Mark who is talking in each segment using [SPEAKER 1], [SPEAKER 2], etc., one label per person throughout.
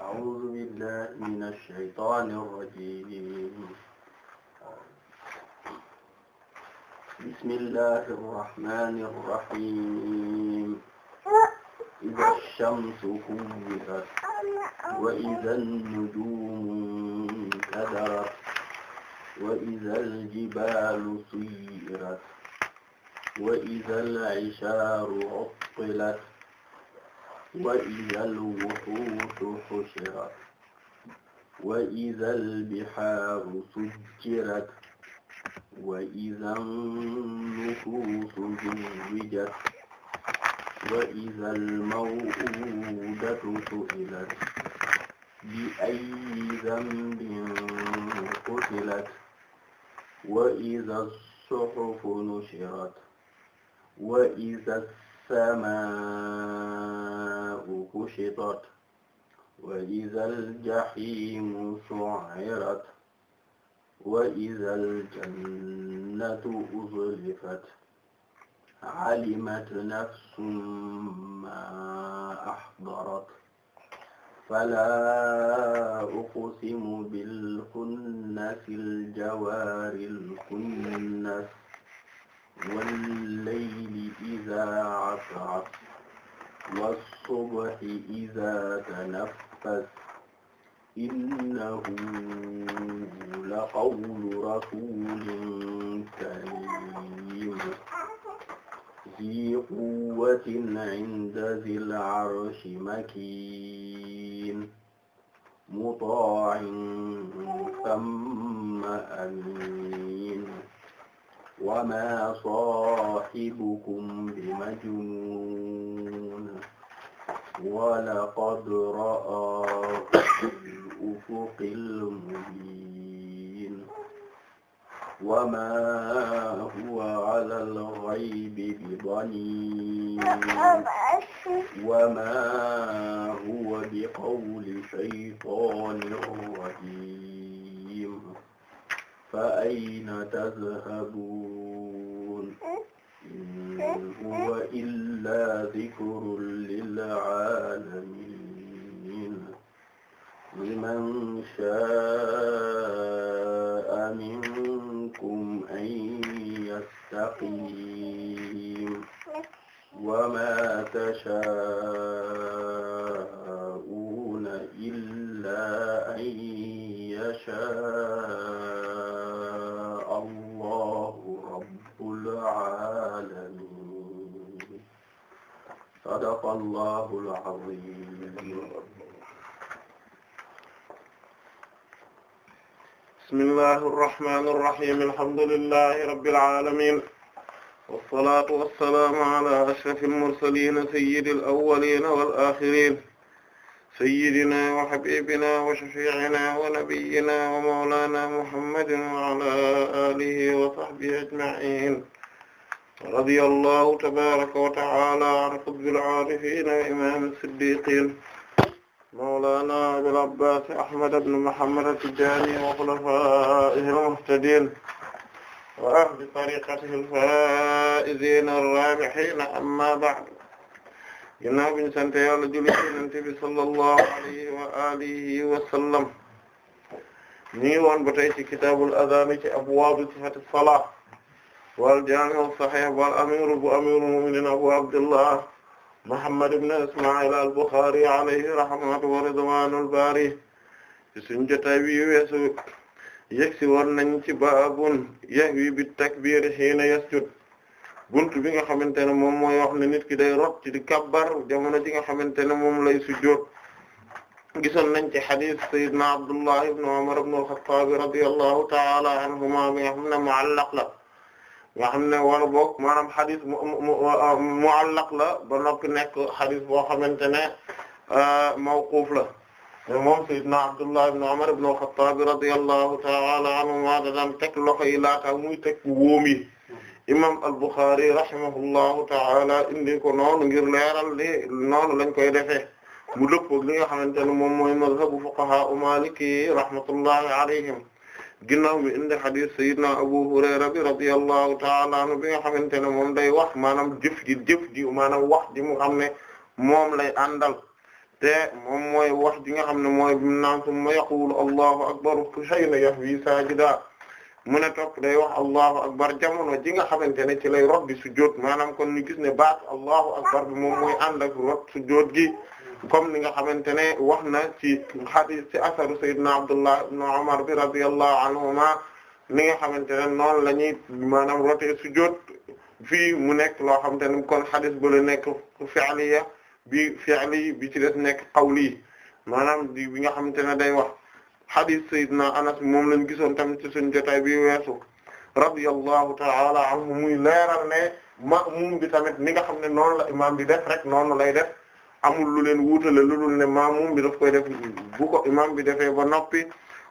[SPEAKER 1] أعوذ بالله من الشيطان الرجيم بسم الله الرحمن الرحيم إذا الشمس كورت وإذا النجوم كدرت وإذا الجبال سيرت وإذا العشار عطلت وإذا الوحوش حشرت وإذا البحار سجرت وإذا النفوس زوجت وإذا الموءودة سئلت بأي ذنب قتلت وإذا الصحف نشرت وإذا السماء كشطت وإذا الجحيم سعرت وإذا الجنة أزلفت علمت نفس ما أحضرت فلا أقسم بالخنس الجوار الكنس والليل إذا عسعس was-subhi idhaa tanaffas innahu laqawlu rasuulin kariim dhii quwwatin 'inda dhil 'arshi makiin mutaa'in thumma amiin wa maa saahibukum bi majnuun ولقد رآه بالأفق المبين وما هو على الغيب بضنين وما هو بقول شيطان رجيم فأين تذهبون إن هو إلا ذكر للعالمين لمن شاء sadaqallahul azim
[SPEAKER 2] bismillahir rahmanir rahim alhamdulillahi rabbil alamin wassalatu wassalamu ala ashrafil mursalin sayyidil awwalin wal akhirin sayyidina wa habibina wa shafi'ina wa nabiyyina wa mawlana muhammadin wa ala alihi wa sahbihi ajma'in radiyallahu tabaraka wa ta'ala an qutbil aarifin wa imam as-siddiqin mawlana abil abbas ahmad ibn muhammad at-tijani wa khulafaihi al-muhtadin wa ahli tariqatihi al-faa'izin ar-raabihin amma ba'd ginnaaw bi ñu sant Yàlla julli ci Yonent bi sallallahu alayhi wa alihi wa sallam ñu ngi woon ba tey ci kitaabul adaan ci abwaabu sihhati as-salaat waa jaami'u sahih wal amiru bu amirul mu'minin abu abdullah muhammad ibn isma'il al-Bukhari alayhi rahmatu wa ridwanul bari suñu jotaay bi weesu yegsi woon nañ ci baabun yahwi bit takbir hina yasjud buntu bi nga xamante ne moom mooy wax nit ki day rot ci di kabbar jamono ji nga xamante ne moom lay sujjóot gisoon nañ ci hadith sayyidina Abdullah ibn Umar ibn al-Khattab la nga xam ne wala boog maanaam xadis mu muallaq la ba noppi nekk xadis boo xamante ne euh, mawquuf la moom sayyidna Abdullah ibn Umar ibn al-Khattab radiyallahu ta'ala anhuma da daan teg loxo yi laata muy teg wóom yi imam al-Bukhari rahimahullahu ta'ala indi ko noonu ngir leeral li noonu lañ koy defee mu dëppoo ak li nga xamante ne moom mooy mazhabu fuqaha u Maliki rahmatullahi alayhim ginnaaw mi indi hadith sayyidina Abu Hurayra bi radiyallahu ta'ala anhu bi nga xamante ne moom day wax maanaam jëf ji jëf ji maanaam wax ji mu am ne moom lay àndal te moom mooy wax ji nga xam ne mooy bimu naan summa yaqulu allahu akbar hayna yahwi sajida mu ne topp day wax allahu akbar jamono ji nga xamante ne ci lay rot di sujjóot maanaam kon ñu gis ne baat allahu akbar bi moom mooy ànd ak rot gi comme ni nga xamante ne wax na ci hadith ci asaru sayyidina Abdullah ibn Umar bi radiyallahu anhuma ni nga xamante ne noonu la ñuy maanaam rotee sujjóot fii mu nekk loo xamante ne kon hadith bu la nekk fi'liya bi fi'li bi ci des nekk qawli maanaam di bi nga xamante ne day wax hadith sayyidina Anas moom lañ gisoon tamit ci suñu jotaay bi weesu radiyallahu muy leeral ne ma'mum bi tamit ni nga xam ne noonu la imaam bi def rek noonu lay def amul lu leen wuutale lu dul ne maamum bi daf koy def bu ko imam bi defee ba noppi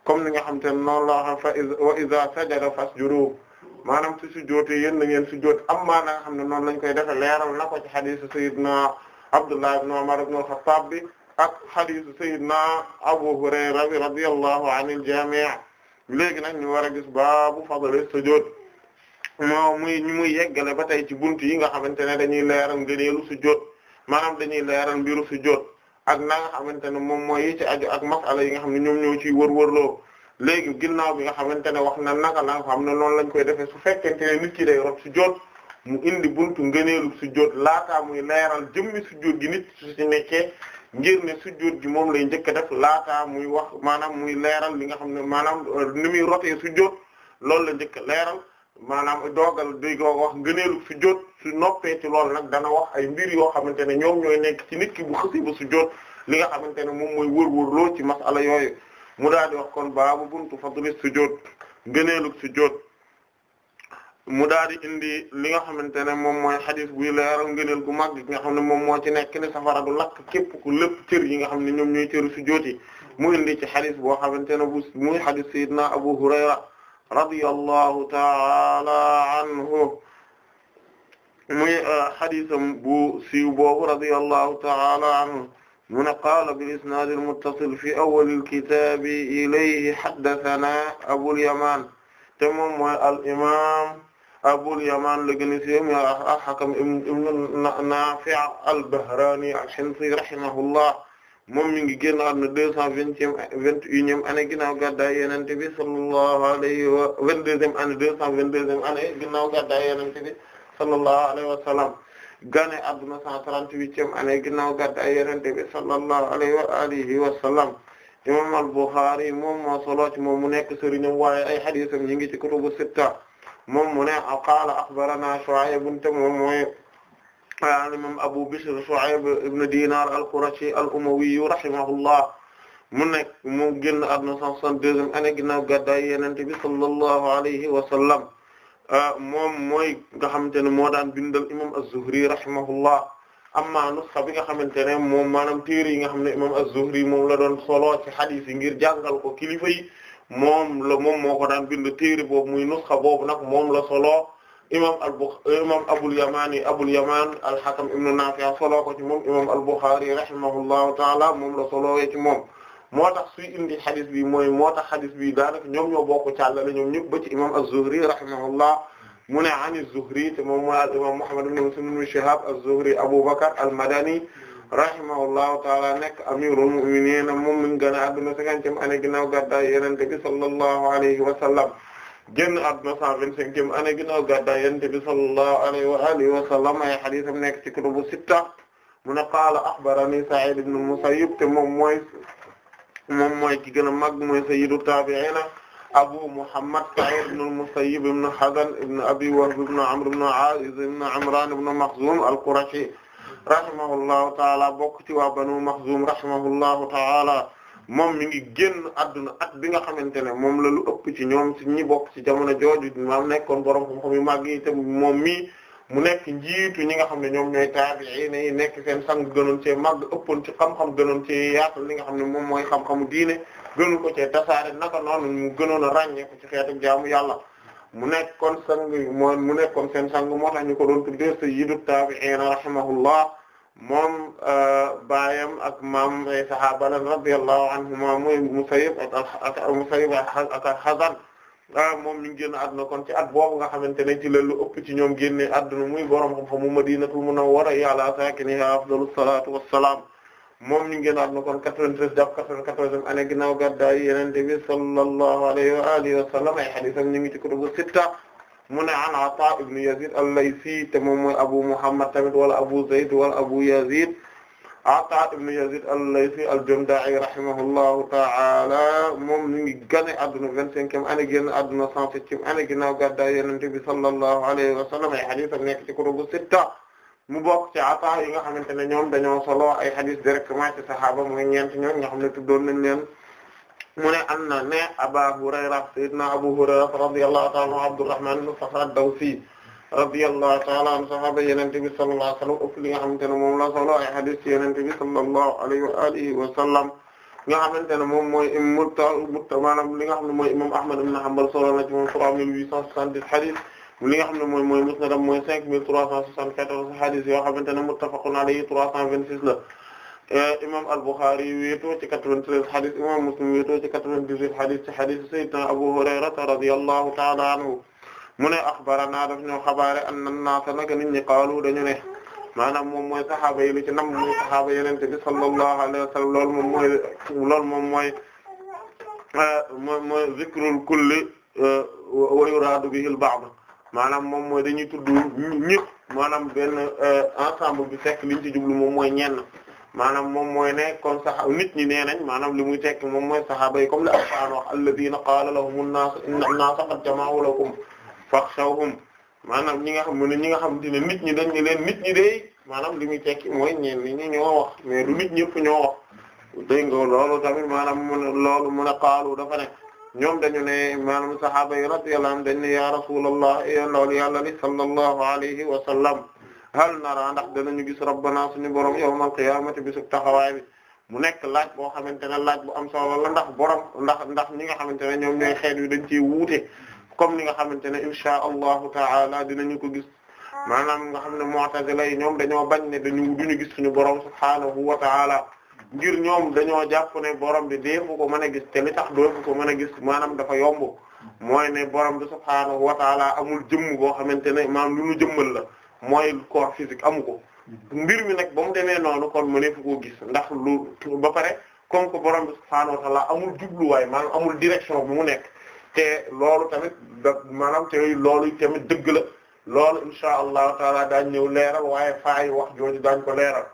[SPEAKER 2] comme ni nga xam te ne noonu la xam fa wa iza sajada fasjudu maanaam su sujjóotee yéen na ngeen sujjóot amma na nga ne noonu lañ koy defee leeral na ko ci hadiisu sayyidina Abdullah ibn Umar ibn al-Khattab bi ak hadiisu sayyidina Abu Hurayra bi radiyallahu anil jamii' léegi nag ñu war a gis baabu fadli sujjóot moo muy ñu muy yeggale ba tey ci buntu yi nga xamante ne dañuy leeral ngëneelu sujjóot maanaam dañuy leeral mbiru sujjóot ak na nga xamante ne moom mooy yi ci aju ak masala yi nga xam ne ñoom ñoo ciy wërwërloo léegi ginnaaw nga xamante ne wax na naka la nga xam ne noonu lañ koy defee su fekkente ne nit ki day rob sujjóot mu indi buntu ngëneelu sujjóot laataa muy leeral jëmmi sujjóot gi nit su ci nekkee ngir ne sujjóot gi moom lay njëkk a def laataa muy wax maanaam muy leeral li nga xam ne maanaam euh, ni muy rotee sujjóot loolu la njëkk leeral maanaam doogal duy ko wax ngëneelu sujjóot su noppee ci loolu nag dana wax ay mbir yoo xamante ne ñoom ñooy nekk ci nit ki bu xësi ba sujjóot li nga xamante ne moom mooy wër-wër loo ci masala yooyu mu daal di wax kon baabu buntu fadli sujjóot ngëneelu sujjóot mu daal di indi li nga xamante ne moom mooy xadis buy leeral ngëneel gu mag gi nga xam ne moom moo ci nekk ne safara du lakk képp ku lépp cër yi nga xam ne ñoom ñooy cëru sujjóot yi mu indi ci xadis boo xamante ne bu muy xadis sayyidina Abu Hurayra radiyallahu ta'ala anhu muy uh, xadisam bu siiw boobu radiyallahu ta'ala anhu mu ne qaala bil-isnaad al-muttasil fi awwal al-kitaab ilayhi haddathanaa Abul Yamaan te moom mooy al-imaam Abul Yamaan la gën a siiw muy al-Hakam ibn Naafi' al-Bahraani al-Himsi rahimahullah moom mi ngi génn àdduna deux cent vingtième vingt-unième année ginnaaw gàddaay Yonent bi sallallahu alayhi wa vingt-deuxième année deux cent vingt-deuxième année ginnaaw gàddaay Yonent bi sallallahu alayhi wa sallam gane àdduna cent trente-huitième année ginnaaw gàddaay Yonent bi sallallahu alayhi wa alihi wa sallam imam al-Bukhari moom moo solo ci moom mu nekk sëriñam waaye ay hadiisam ñi ngi ci kutubu sitta moom mu ne qaala axbarana Shu'ayb moom mooy al-imam Abu Bishr Shu'ayb ibn Dinar al-Qurashi al-Umawi rahimahullah mu nekk mu génn àdduna 162e année ginnaaw gàddaay Yonent bi sallallahu alayhi wa sallam euh, moom mooy nga xamante ne moo daan bindal imam az-Zuhri rahimahullah amma nusxa bi nga xamante ne moom maanaam téere yi nga xam ne imam az-Zuhri moom la doon solo ci hadith yi ngir jàngal ko kilifa yi moom la moom moo ko daan bind téere boobu muy nusxa boobu nag moom la solo. imam al-Bukhari imam Abul Yamani Abul Yaman al-Hakam ibn Nafi' solo ko ci moom imam al-Bukhari rahimahullahu ta'ala moom la solowee ci moom moo tax suy indi xadis bi mooy moo tax xadis bi daanaka ñoom ñoo bokk càllale ñoom ñëpp ba ci imam az-Zuhri rahimahullah mu ne an az-Zuhri te moom mooy al-imam Muhammad ibn Muslim ibn Shihab az-Zuhri Abu Bakr al-Madani rahimahullahu taala nekk amirul mu'minin moom mi ngi gën a adduna cinquantième année ginnaaw gàddaay Yonent bi sallallahu alayhi wa sallam génn àdduna cent vingt-cinquième année ginnaaw gàddaay Yonent bi sallallahu alayhi wa alihi wa sallam ay hadiisam nekk ci kutubu sitta mu ne qaala axbarani Sa'iid ibn al-Musayyib te moom mooy moom mooy ki gën a mag mooy sayyidu taabi'iina Abu Muhammad Sa'iid ibn al-Musayyib ibn Hazn ibn Abi Wahb ibn Amr ibn Aa'iz ibn Amraan ibn Maxzuum al-Qurashi rahimahullahu ta'ala bokk ci waa Banu Maxzuum rahimahullahu ta'ala moom mi ngi génn adduna at bi nga xamante ne moom la lu ëpp ci ñoom ci ñi bokk ci jamono jooju maam nekkoon borom xam-xam yu màgg yi te moom mii mu nekk njiitu ñi nga xam ne ñoom ñooy taabi'iin yi nekk seen sang gënoon cee màgg ëppoon ci xam-xam gënoon cee yaatal li nga xam ne moom mooy xam-xamu diine gënu ko cee tasaare naka noon mu gënoon a ràññee ko ci xeetu jaamu yàlla mu nekkoon sang moo mu nekkoon seen sang moo tax ñu ko doon tuddee sayyidu taabi'iin rahimahullah moom euh, baayam ak maam ay sahaaba la radiyallahu anhuma mooy Musayyib ak Musayyib ak Hazan ah, moom ñu génn àdduna kon ci at boobu nga xamante ne ci la lu ëpp ci ñoom génne àdduna muy borom xam-xamu Madinatul Munawwara ala saakinihaa afdalu salaatu wassalaam moom ñu génn àdduna kon 93 jàpp 94 année ginnaaw gàddaay Yonent bi sallallahu alayhi wa alihi wa sallam ay hadiisam ñu ngi ci kutubu sitta mu ne an Ata ibn Yazid al-Laysi te moom mooy Abu Muhammad tamit wala Abu Zayd wala Abu Yazid Ata ibn Yazid al-Laysi al-Jundai rahimahullahu ta'ala moom mi ngi gane adduna vingt-cinquième année génn adduna cent septième année ginnaaw gàddaay Yonent bi sallallahu alayhi wa sallam ay hadith am nekk ci kutubu sitta mu bokk ci Ata yi nga xamante ne ñoom dañoo solo ay hadith directement ci sahaaba mooy ñeent ñoom nga xam ne tuddoon nañ leen mu ne am na ne Aba Hurayra sayyidina Abu Hurayra radiyallahu ta'ala anhu Abdurrahman ibn Sakhr ad-Dawsi radiyallahu ta'ala anhu sahaaba Yonent bi sallallahu alayhi wa sallam ëpp li nga xamante ne moom la solo ay hadith ci Yonent bi sallallahu alayhi wa alihi wa sallam nga xamante ne moom mooy mutta mutta maanaam li nga xam ne mooy imam Ahmad ibn Hanbal solo na ci moom 3870 hadith li nga xam ne mooy mooy musnadam mooy 5374 hadith yoo xamante ne muttafaqun alayhi 326 la Eh, imam al-Bukhari wéetoo ci 93 hadith imam Muslim wéetoo ci 98 hadith ci hadith sayyidina Abu Hurayrata radiyallahu ta'ala anhu mu ne akhbarana daf ñoo xabaare anna an-naasa naka nit qaalu dañu ne maanaam moom mooy saxaaba yi li ci nam mooy saxaaba yenente bi sallallahu alayhi wa sallam lool moom mooy loolu moom mooy eh, moom mooy zikrul kulli eh, wa yuraadu bihi al-ba'd maanaam moom mooy dañuy tudd ñëpp maanaam benn ensemble bi fekk liñ ci jublu moom mooy ñenn maanaam moom mooy ne comme sax nit ñi nee nañ maanaam li muy tekk moom mooy saxaaba yi comme la Alxuraan wax alladina qaala lahumu nnaasu inna nnaasa qad jama'u lakum faxshawhum maanaam ñi nga xam ne ñi nga xamante ne nit ñi dañ ne leen nit ñi de maanaam li muy tekki mooy ñeen nit ñi ñoo wax mais du nit ñëpp ñoo wax dégg nga loolu tamit maanaam mu ne loolu mu ne qaalu dafa ne ñoom dañu ne maanaam saxaaba yi radiyallahu anhum dañ ne ya rasulallah yéen loolu yàlla li sallallahu alayhi wa sallam hal nara ndax danañu gis rabbana suñu borom yawmal qiyaamati bisub taxawaay bi mu nekk laaj boo xamante ne laaj bu am solo la ndax borom ndax ndax ñi nga xamante ne ñoom ñooy xeet yu dañ ciy wuute comme ni nga xamante ne insha allahu taala dinañu ko gis maanaam nga xam ne mu'tazila yi ñoom dañoo bañ ne dañu duñu gis suñu borom subhaanahu wa taala ngir ñoom dañoo jàpp ne borom bi deefu ko mën a gis te li tax doofu mën a gis maanaam dafa yomb mooy ne borom bi subhaanahu wa taala amul jëmm boo xamante ne maam lu ñu jëmmal la mooy corps physique amu ko mbir mi nag ba mu demee noonu kon mu ne fu gis ndax lu ba pare comme que borom bi subhaanahu amul jubluwaay maanaam amul direction bu mu nekk te loolu tamit da maanaam te loolu tamit dëgg la loolu insha allahu taala ñëw leeral waaye faay wax jooju daañ ko leeral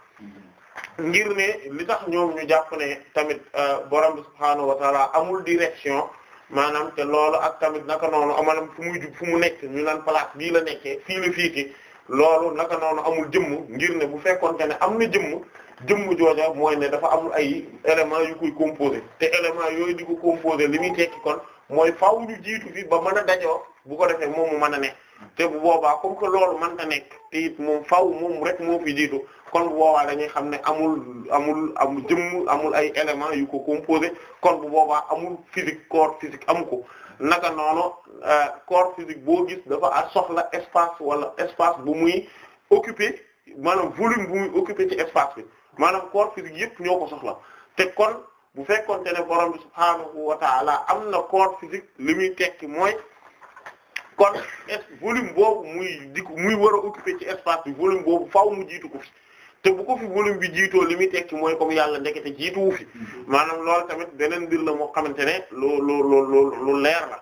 [SPEAKER 2] ngir ne li tax ñoom ñu ne tamit euh, borom bi subhaanahu wa amul direction maanaam te loolu ak tamit naka noonu amanam fu muy jub fu mu nekk ñu naan palaat bii la nekkee fii la fiiki loolu naka noonu amul jëmm ngir ne bu fekkonte ne am na jëmm jëmm jooja mooy ne dafa amul ay éléments yu koy composé te éléments yooyu di ko composé li muy tekki kon mooy faaw ñu jiitu fi ba mën a dajoo bu ko defee moom mu mën a nekk te bu boobaa comme que loolu mën na nekk te it moom faaw moom rek moo fi jiitu kon bu boobaa dañuy xam ne amul amul amul jëmm amul ay éléments yu ko composé kon bu boobaa amul physique corps amu ko naka noonu euh, corps physique boo gis dafa soxla espace wala espace bu muy occuper maanaam volume bu muy occuper ci espace bi maanaam corps yëpp ñoo ko soxla te kon bu fekkonte ne borom bi subhaanahu wa taala am na corps li muy tekki mooy kon volume boobu muy di muy war a occuper ci espace bi volume boobu faaw mu jiitu ko fi te bu ko fi volume bi jiitoo li muy tekki mooy comme yàlla ndekete jiituwu fi mm-hmm. maanaam lool tamit beneen mbir na moo xamante ne lu lu leer la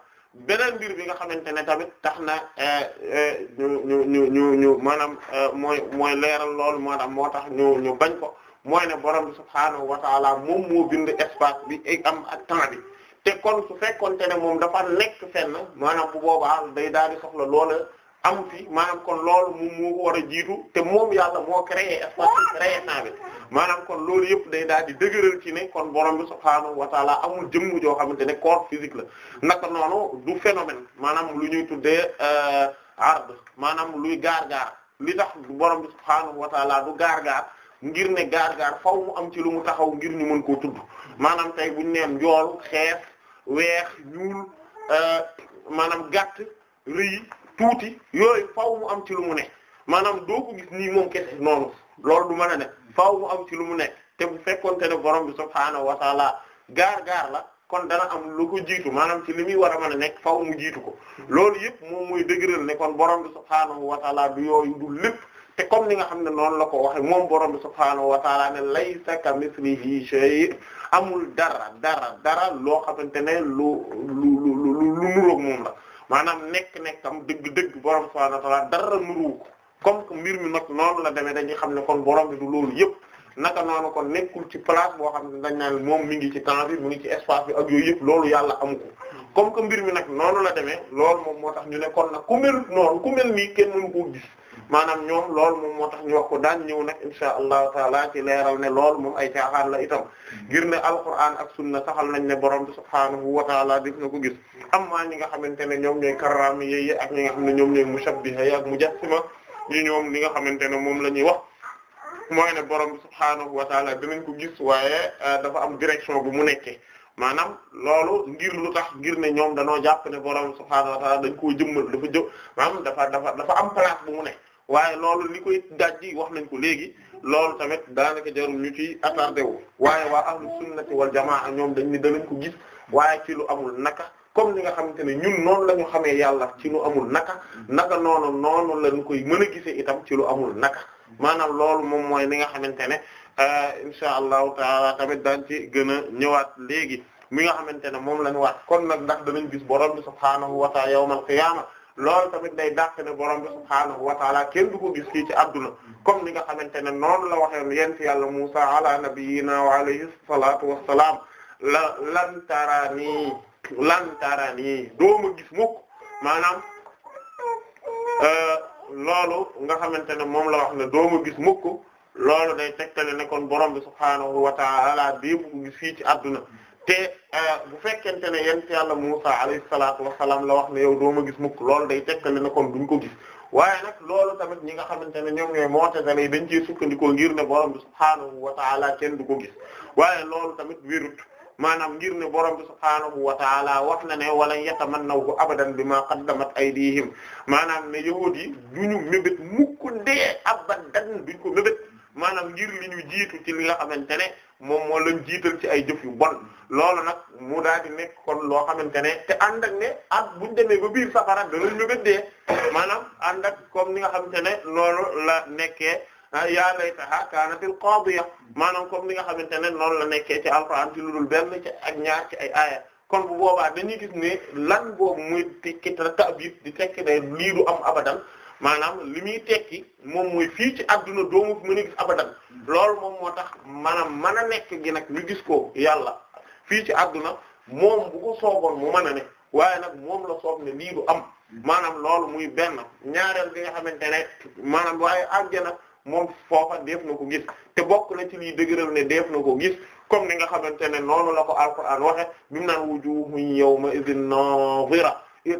[SPEAKER 2] beneen mbir bi nga xamante ne tamit tax na eh, eh, ñu ñu ñu ñu maanaam eh, mooy mooy leeral loolu maanaam moo tax ñu ñu bañ ko mooy ne borom bi subhaanahu wa taala moom moo bind espace bi am ak temps bi te kon su fekkonte ne moom dafa nekk fenn maanaam bu boobaa day daal soxla loola amu fi maanaam kon loolu mu moo war a jiitu te moom yàlla moo créé espace créé temps bi maanaam kon loolu yëpp day daal di dëgëral ci ne kon borom bi subhaanahu wa taala amul jëmm joo xamante ne corps physique la naka noonu du phénomène maanaam lu ñuy tudde euh, ard maanaam luy gaar-gaar li tax borom bi subhaanahu wa du gaar-gaar ngir ne gaar-gaar faw mu am ci lu mu taxaw ngir ñu mën koo tudd maanaam tey buñu neen njool xees weex ñuul euh, maanaam gàtt rëy tuuti yooyu faaw mu am ci lu mu nekk maanaam doo ko gis nii moom kese noonu loolu du mën a ne faaw mu am ci lu mu nekk te bu fekkonte ne borom bi subhaanahu wa taala gaar gaar la kon dana am lu ko jiitu maanaam ci li muy war a mën a nekk faaw mu jiitu ko loolu yëpp moom muy dëgëral ne kon borom bi subhaanahu wa taala du yooyu du lépp te comme ni nga xam ne noonu la ko waxe moom borom bi subhaanahu wa taala ne laysa ka mislihi shay amul dara dara dara loo xamante ne lu lu lu maanaam nekk-nekkam dëgg-dëgg borom subhaanahu na ta'aala dara nuru ko comme que mbir mi nag noonu la demee dañuy xam ne kon borom bi du loolu yëpp naka noonu kon nekkul ci place boo xam ne dañ naan moom mi ngi ci temps bi mu ngi ci espace bi ak yooyu yëpp loolu yàlla amu ko comme que mbir mi nag noonu la demee lool moom moo tax ñu ne kon nag ku mel noonu ku mel nii kenn mënu koo gis maanaam ñoom loolu moom moo tax ñu wax ko daan ñëw nag insha allahu taala ci leeral ne loolu moom ay caaxaan la itam mm-hmm. ngir ne alquran ak sunna nañ ne borom bi subhaanahu wa taala def na ko gis amma ñi nga xamante ne ñoom ñooy karraami yi ak ñi nga xam ne ñoom ñooy mushabbiha yi ak mujassima ñu ñoom li nga xamante ne moom la ñuy wax mooy ne borom bi subhaanahu wa taala dinañ ko gis waaye euh, dafa am direction bu mu nekkee maanaam loolu ngir lu tax ngir ne ñoom dañoo jàpp ne borom subhaanahu wa dañ koo jëmmal dafa jë maanaam dafa dafa dafa am place bu mu ne waaye loolu li koy dajji wax nañ ko léegi loolu tamit daanaka jarul ñu ci attardé wu waaye waa ahlu sunnati wal jamaa ñoom dañ ni danañ ko gis waaye ci lu amul naka comme ni nga xamante ne ñun noonu la ñu xamee yàlla ci lu amul naka naka noonu noonu la koy mën itam ci lu amul naka maanaam loolu moom mooy li nga xamante ne euh, insha allahu taala tamit daan ci gën a ñëwaat léegi mi nga xamante ne moom la ñu waat kon nag ndax danañ gis borom bi subhaanahu wa ta'ala yawmal qiyaama loolu tamit day dàq ne borom bi subhaanahu wa taala kenn du ko gis fii ci adduna comme ni nga xamante ne noonu la waxee yéen ci yàlla Musa ala nabiyina wa alayhi salaatu wa salaam la lan taraani lan taraani doo ma gis mukk maanaam euh, loolu nga xamante ne moom la wax ne doo ma gis mukk loolu day tegtale ne kon borom bi subhaanahu wa taala dee bu gis fii ci adduna. te euh, bu fekkente ne yent yàlla Musa alayhi salaatu wa salaam la wax ne yow doo ma gis mukk loolu day tekkale ne kon duñ ko gis waaye nag loolu tamit ñi nga xamante ne ñoom ñooy mu'tazila yi dañ ci sukkandikoo ngir ne borom bi subhaanahu wa ta'ala kenn du ko gis waaye loolu tamit wérut maanaam ngir ne borom bi subhaanahu wa ta'ala wax na ne wala yatamannahu abadan bima qaddamat aydihim maanaam ne yahuud yi duñu mébét mukk ndee abadan duñ ko mébét maanaam ngir li ñu li nga xamante ne moom moo la jiital ci ay jëf yu bon loolu nag mu daal di nekk kon loo xamante ne te ànd ak ne at buñ demee ba biir sapara danañ ñu gëddee maanaam ànd ak comme ni nga xamante ne loolu la nekkee ah, yaa laytaha kaanatil qaadiya maanaam comme ni nga xamante ne noonu la nekkee ci alxuraan ci lu dul benn ci ak ñaar ci ay aaya kon bu boobaa dañuy gis ne lan boobu muy tekki ta'biid di tekki ne lii du am abadan maanaam li muy tekki moom muy fii ci adduna doomu fi mën a gis abadan loolu moom moo tax maanaam mana nekk gi nag ñu gis ko yàlla fii ci adduna moom bu ko sooboon mu mën ne waaye nag moom la soob ne lii du am maanaam loolu muy benn ñaareel bi nga xamante ne maanaam waaye nag moom foofa def na ko gis te bokk na ci lii dëgëral ne def na ko gis comme ni nga xamante ne noonu la ko alquran waxe bi mu naan ma yawma idhin nadira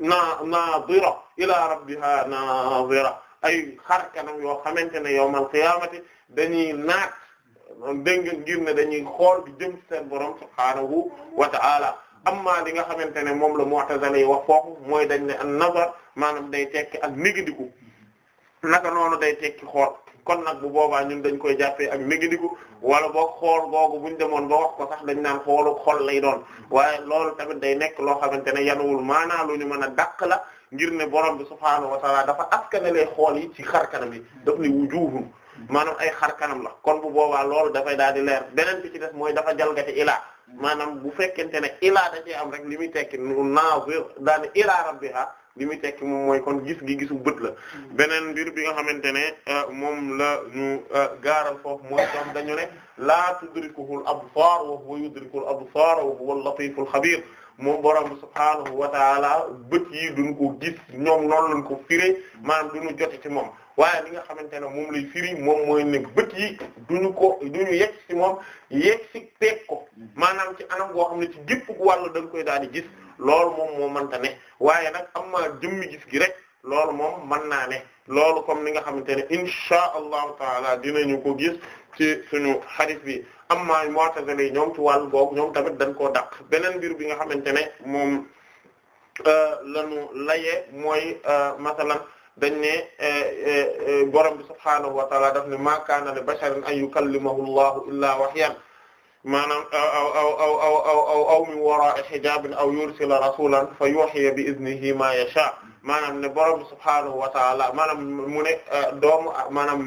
[SPEAKER 2] na nadira ilaa rabbiha nazira ay xar kanam yoo xamante ne yawmal qiyaamati dañuy naat dégg nga ngir ne dañuy xool di seen borom subhaanahu wa am amma li nga xamante ne moom la mu'tazila yi wax foofu mooy dañ ne an nazar maanaam day tekki ak négandiku naka noonu day tekki xool kon nag bu boobaa ñun dañ koy jàppee ak négandiku wala boog xool googu buñ demoon ba wax ko sax dañ naan xoolu xool lay doon waaye loolu tamit day nekk loo xamante ne yanuwul maanaa lu ngir ne bonam bi subhaanahu wa taala dafa le xool yi ci xar kanam yi hmm. daf ne wujuhun maanaam ay xar kanam la kon bu boobaa lool dafay daal di leer beneen bi ci def mooy dafa jalgati ilaa hmm. maanam bu fekkente ne ilaa da cee am rek li muy tekki naazir daane ilaa rabbiha li muy tekki moom mooy kon gis gi gisu bët la hmm. beneen mbir bi nga xamante ne euh, moom la ñu euh, gaaral foofu mooy tam dañu ne laa tudrikuhul absaar wa huwa yudrikul absaar wa huwal latiiful xabiir moo borom subhaanahu wa taala bët yi duñu ko gis ñoom noonu lañ ko firi maanaam duñu joti ci moom waaye li nga xamante ne moom lay firi moom mooy ne bët yi duñu ko duñu yegg ci moom yegg ci peeg ko maanaam ci anam goo xam ne ci gépp wàllu dañ koy daal di gis loolu moom moo mënta ne waaye nag am ma jëmmi gis gi rek loolu moom mën naa ne loolu comme ni nga xamante ne insha allahu taala ñu ko gis ci suñu xarit bi amma mu'tazila yi ñoom ci wàllu boobu tamit dañ koo daq beneen mbir bi nga xamante ne moom euh, lañu layee mooy euh, masalan dañ ne euh, borom bi subhaanahu wa ta'ala daf ne ma kaana li basharin an yukallimahu allahu illaa wahyan maanaam aw aw aw aw aw aw aw min wara'i hijabin aw yursila rasulan fa yuhiya bi iznihi ma yasha maanaam ne borom bi subhaanahu wa ta'ala maanaam mu ne doomu maanaam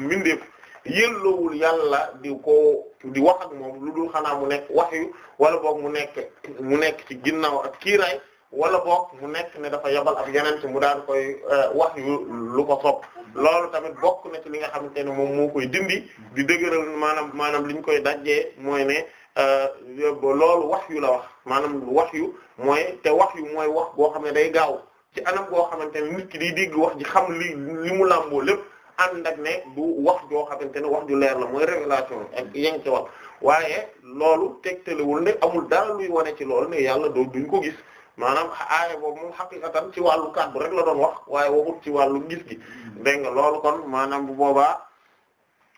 [SPEAKER 2] yëlloowul yàlla di ko di wax ak moom lu dul xanaa mu nekk waxyu wala boog mu nekk mu nekk ci ginnaaw ak kiiraay wala boog mu nekk ne dafa yabal ak yeneen mu daan koy eh, wax yu lu ko sopp loolu tamit bokk na ci li nga xamante ne moom moo dindi di dëgëral maanaam maanaam li ñu koy dajjee mooy ne eh, loolu wax yu la wax maanaam wax yu mooy te wax yu mooy wax boo xam ne day gaaw ci anam boo xamante ne nit ki di dégg wax ji xam li li mu làmboo lépp ànd ak ne du wax joo xamante ne wax ju leer la mooy révélation ak yéngi ci wax waaye loolu tegtalewul ne amul dara luy wane ci loolu ne yàlla doo duñ ko gis maanaam aaya boobu moom xaqiqatan ci wàllu kàddu rek la doon wax waaye waxut ci wàllu gis gi dégg nga loolu kon maanaam bu boobaa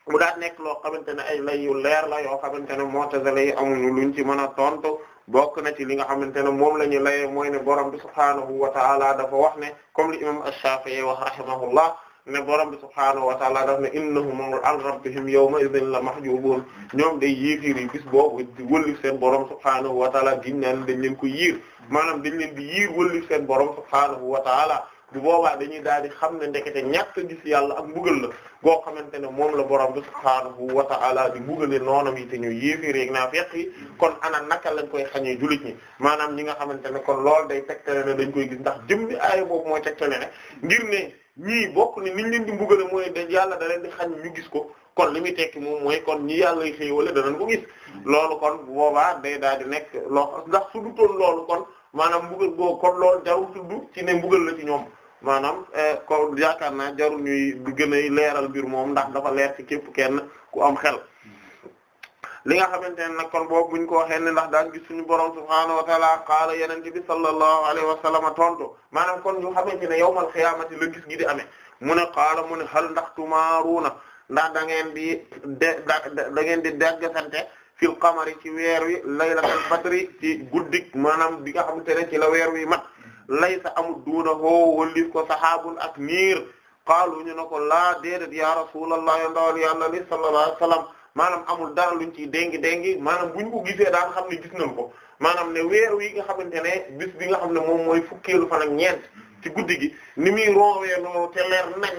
[SPEAKER 2] mu daat nekk loo xamante ne ay lay yu leer la yoo xamante ne mu'tazila yi amuñu luñ ci mën a tontu bokk na ci li nga xamante ne moom la ñu layee mooy ne borom bi subhaanahu wa ta'ala dafa wax ne comme li imam Ash-Shafi'i wax rahimahullah ne borom bi subhaanahu wa ta'ala daf ne innahum an rabbihim yawma idhin la mahjubun ñoom day yéefiir yi bis boobu wëllif seen borom subhaanahu wa ta'ala giñ naan dañ leen ko yiir maanaam dañ leen di yiir wëllif seen borom subhaanahu wa ta'ala bu boobaa dañuy daal di xam ne ndekete ñàkk gis yàlla ak mbugal la goo xamante ne moom la borom bi subhaanahu wa ta'ala di mbugale noonam yi te ñu yéefiir yi naa fekk yi kon ana naka lañ koy xañee jullit ñi maanaam ñi nga xamante ne kon lool day tegtale ne dañ koy gis ndax jëm bi aaya boobu mooy tegtale ne ngir ne ñii bokk ni niñ leen di mbugale mooy da yàlla da leen di xañ ñu gis ko kon li muy tekki moom mooy kon ñi yàlla xëy wala danañ ko gis loolu kon bu boobaa day daal di nekk loo ndax su dutoon loolu kon maanaam mbugal boo kon loolu jarul tudd ci ne mbugal la ci ñoom maanaam eh, ko yaakaar naa jarul ñuy gën a leeral mbir moom ndax dafa leer ci képp kenn ku am xel li nga xamante ne nag kon boobu buñ ko waxee ne ndax daan gis suñu borom subhaanahu wa taala qaala yenente bi sallallahu alayhi wa sallama tontu maanaam kon ñu xamante ne yawmal xiyaamati la gis gi di amee mu ne qaala mu ne hal ndax tumaaruuna ndax da ngeen di de da da ngeen di déggsante fil qamari ci weer wi laylatul badri ci guddik maanaam di nga xamante ne ci la weer wi mat laysa amul duuna hoo wallif ko sahaabun ak niir wu ñu ne ko laa déedéet ya rasulallah ya ndawal yàlla li sallallahu alayhi maanaam amul dara luñ ciy déngi déngi maanaam buñ ko gisee daan xam ne gis nañ ko maanaam ne weer wi nga xamante ne bis bi nga xam ne moom mooy fukkeelu fan ak ñeent ci guddi gi ni muy roowee noonu te leer nañ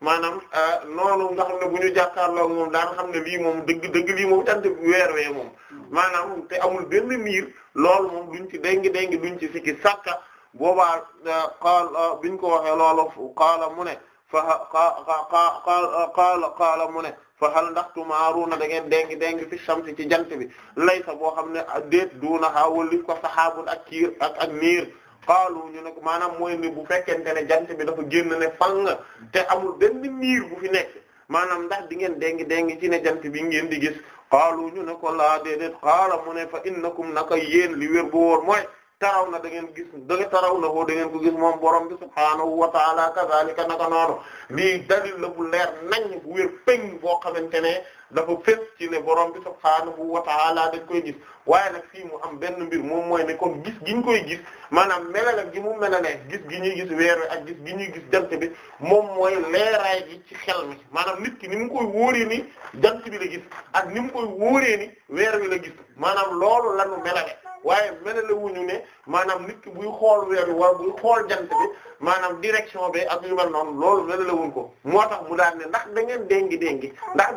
[SPEAKER 2] maanaam euh, noonu nga xam ne bu ñu jàkkaarloo moom daan xam ne lii moom dëgg dëgg lii moom tant weer wee moom maanaam te amul benn miir lool moom duñ ci déngi déngi duñ ci sikki sàkka boobaa euh, qaal euh, biñ ko waxee loolu qaala mu ne fa qaala qaala mu ne fa hal ndax tumaaruuna da ngeen dengi dengi fi shamsi ci jant bi layta boo xam ne a déet duuna ha wallif ko sahaabun ak kiir ak ak niir qaalu ñu ne maanaam mooy ne bu fekkente ne jant bi dafa génn ne fang te amul benn niir bu fi nekk maanaam ndax di ngeen dengi dengi ci ne jant bi ngeen di gis qaalu ñu ne ko laa déedéet qaala mu ne fa innakum naka yéen li wér bu wóor mooy taraw na da ngeen gis da nga taraw na koo da ngeen ko gis moom borom bi subhaanahu wa taala kazalika naka noonu lii dalil la bu leer nañ bu wér péng boo xamante ne dafa fés ci ne borom bi subhaanahu wa ta'ala dañ koy gis waaye nag fii mu am benn mbir moom mooy ne comme gis gi ñu koy gis maanaam melal ak gi mu melalee gis gi ñuy gis weer wi ak gis gi ñuy gis jant bi moom mooy leeraay gi ci xel mi maanaam nit ki ni mu koy wóoree ni jant bi la gis ak ni mu koy wóoree ni weer wi la gis maanaam loolu lanu melale waaye melale wuñu ne maanaam nit ki buy xool weer wi wala buy xool jant bi maanaam direction bi ak yu mel noonu loolu melale wuñ ko moo tax mu daan ne ndax da ngeen déngi déngi ndax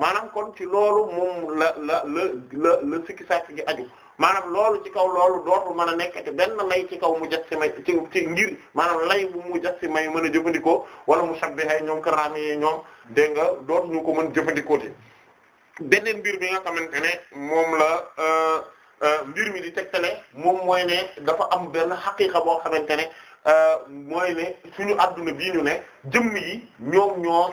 [SPEAKER 2] maanaam kon ci loolu moom la la la la la sikki sàkk gi aju maanaam loolu ci kaw loolu dootul mën a nekkati benn may ci kaw mu mujassima ci ci ngir maanaam lay bu mujassima yi mën a jëfandikoo wala mushabbiha ñoom karaami yi ñoom dégg nga dootuñu ko mën jëfandikoo te beneen mbir mi nga xamante ne moom la euh, euh, mbir mi di tegtale moom mooy ne dafa am benn xaqiiqa boo xamante ne Euh, mooy ne suñu adduna bii ñu ne jëmm yi ñoom ñoo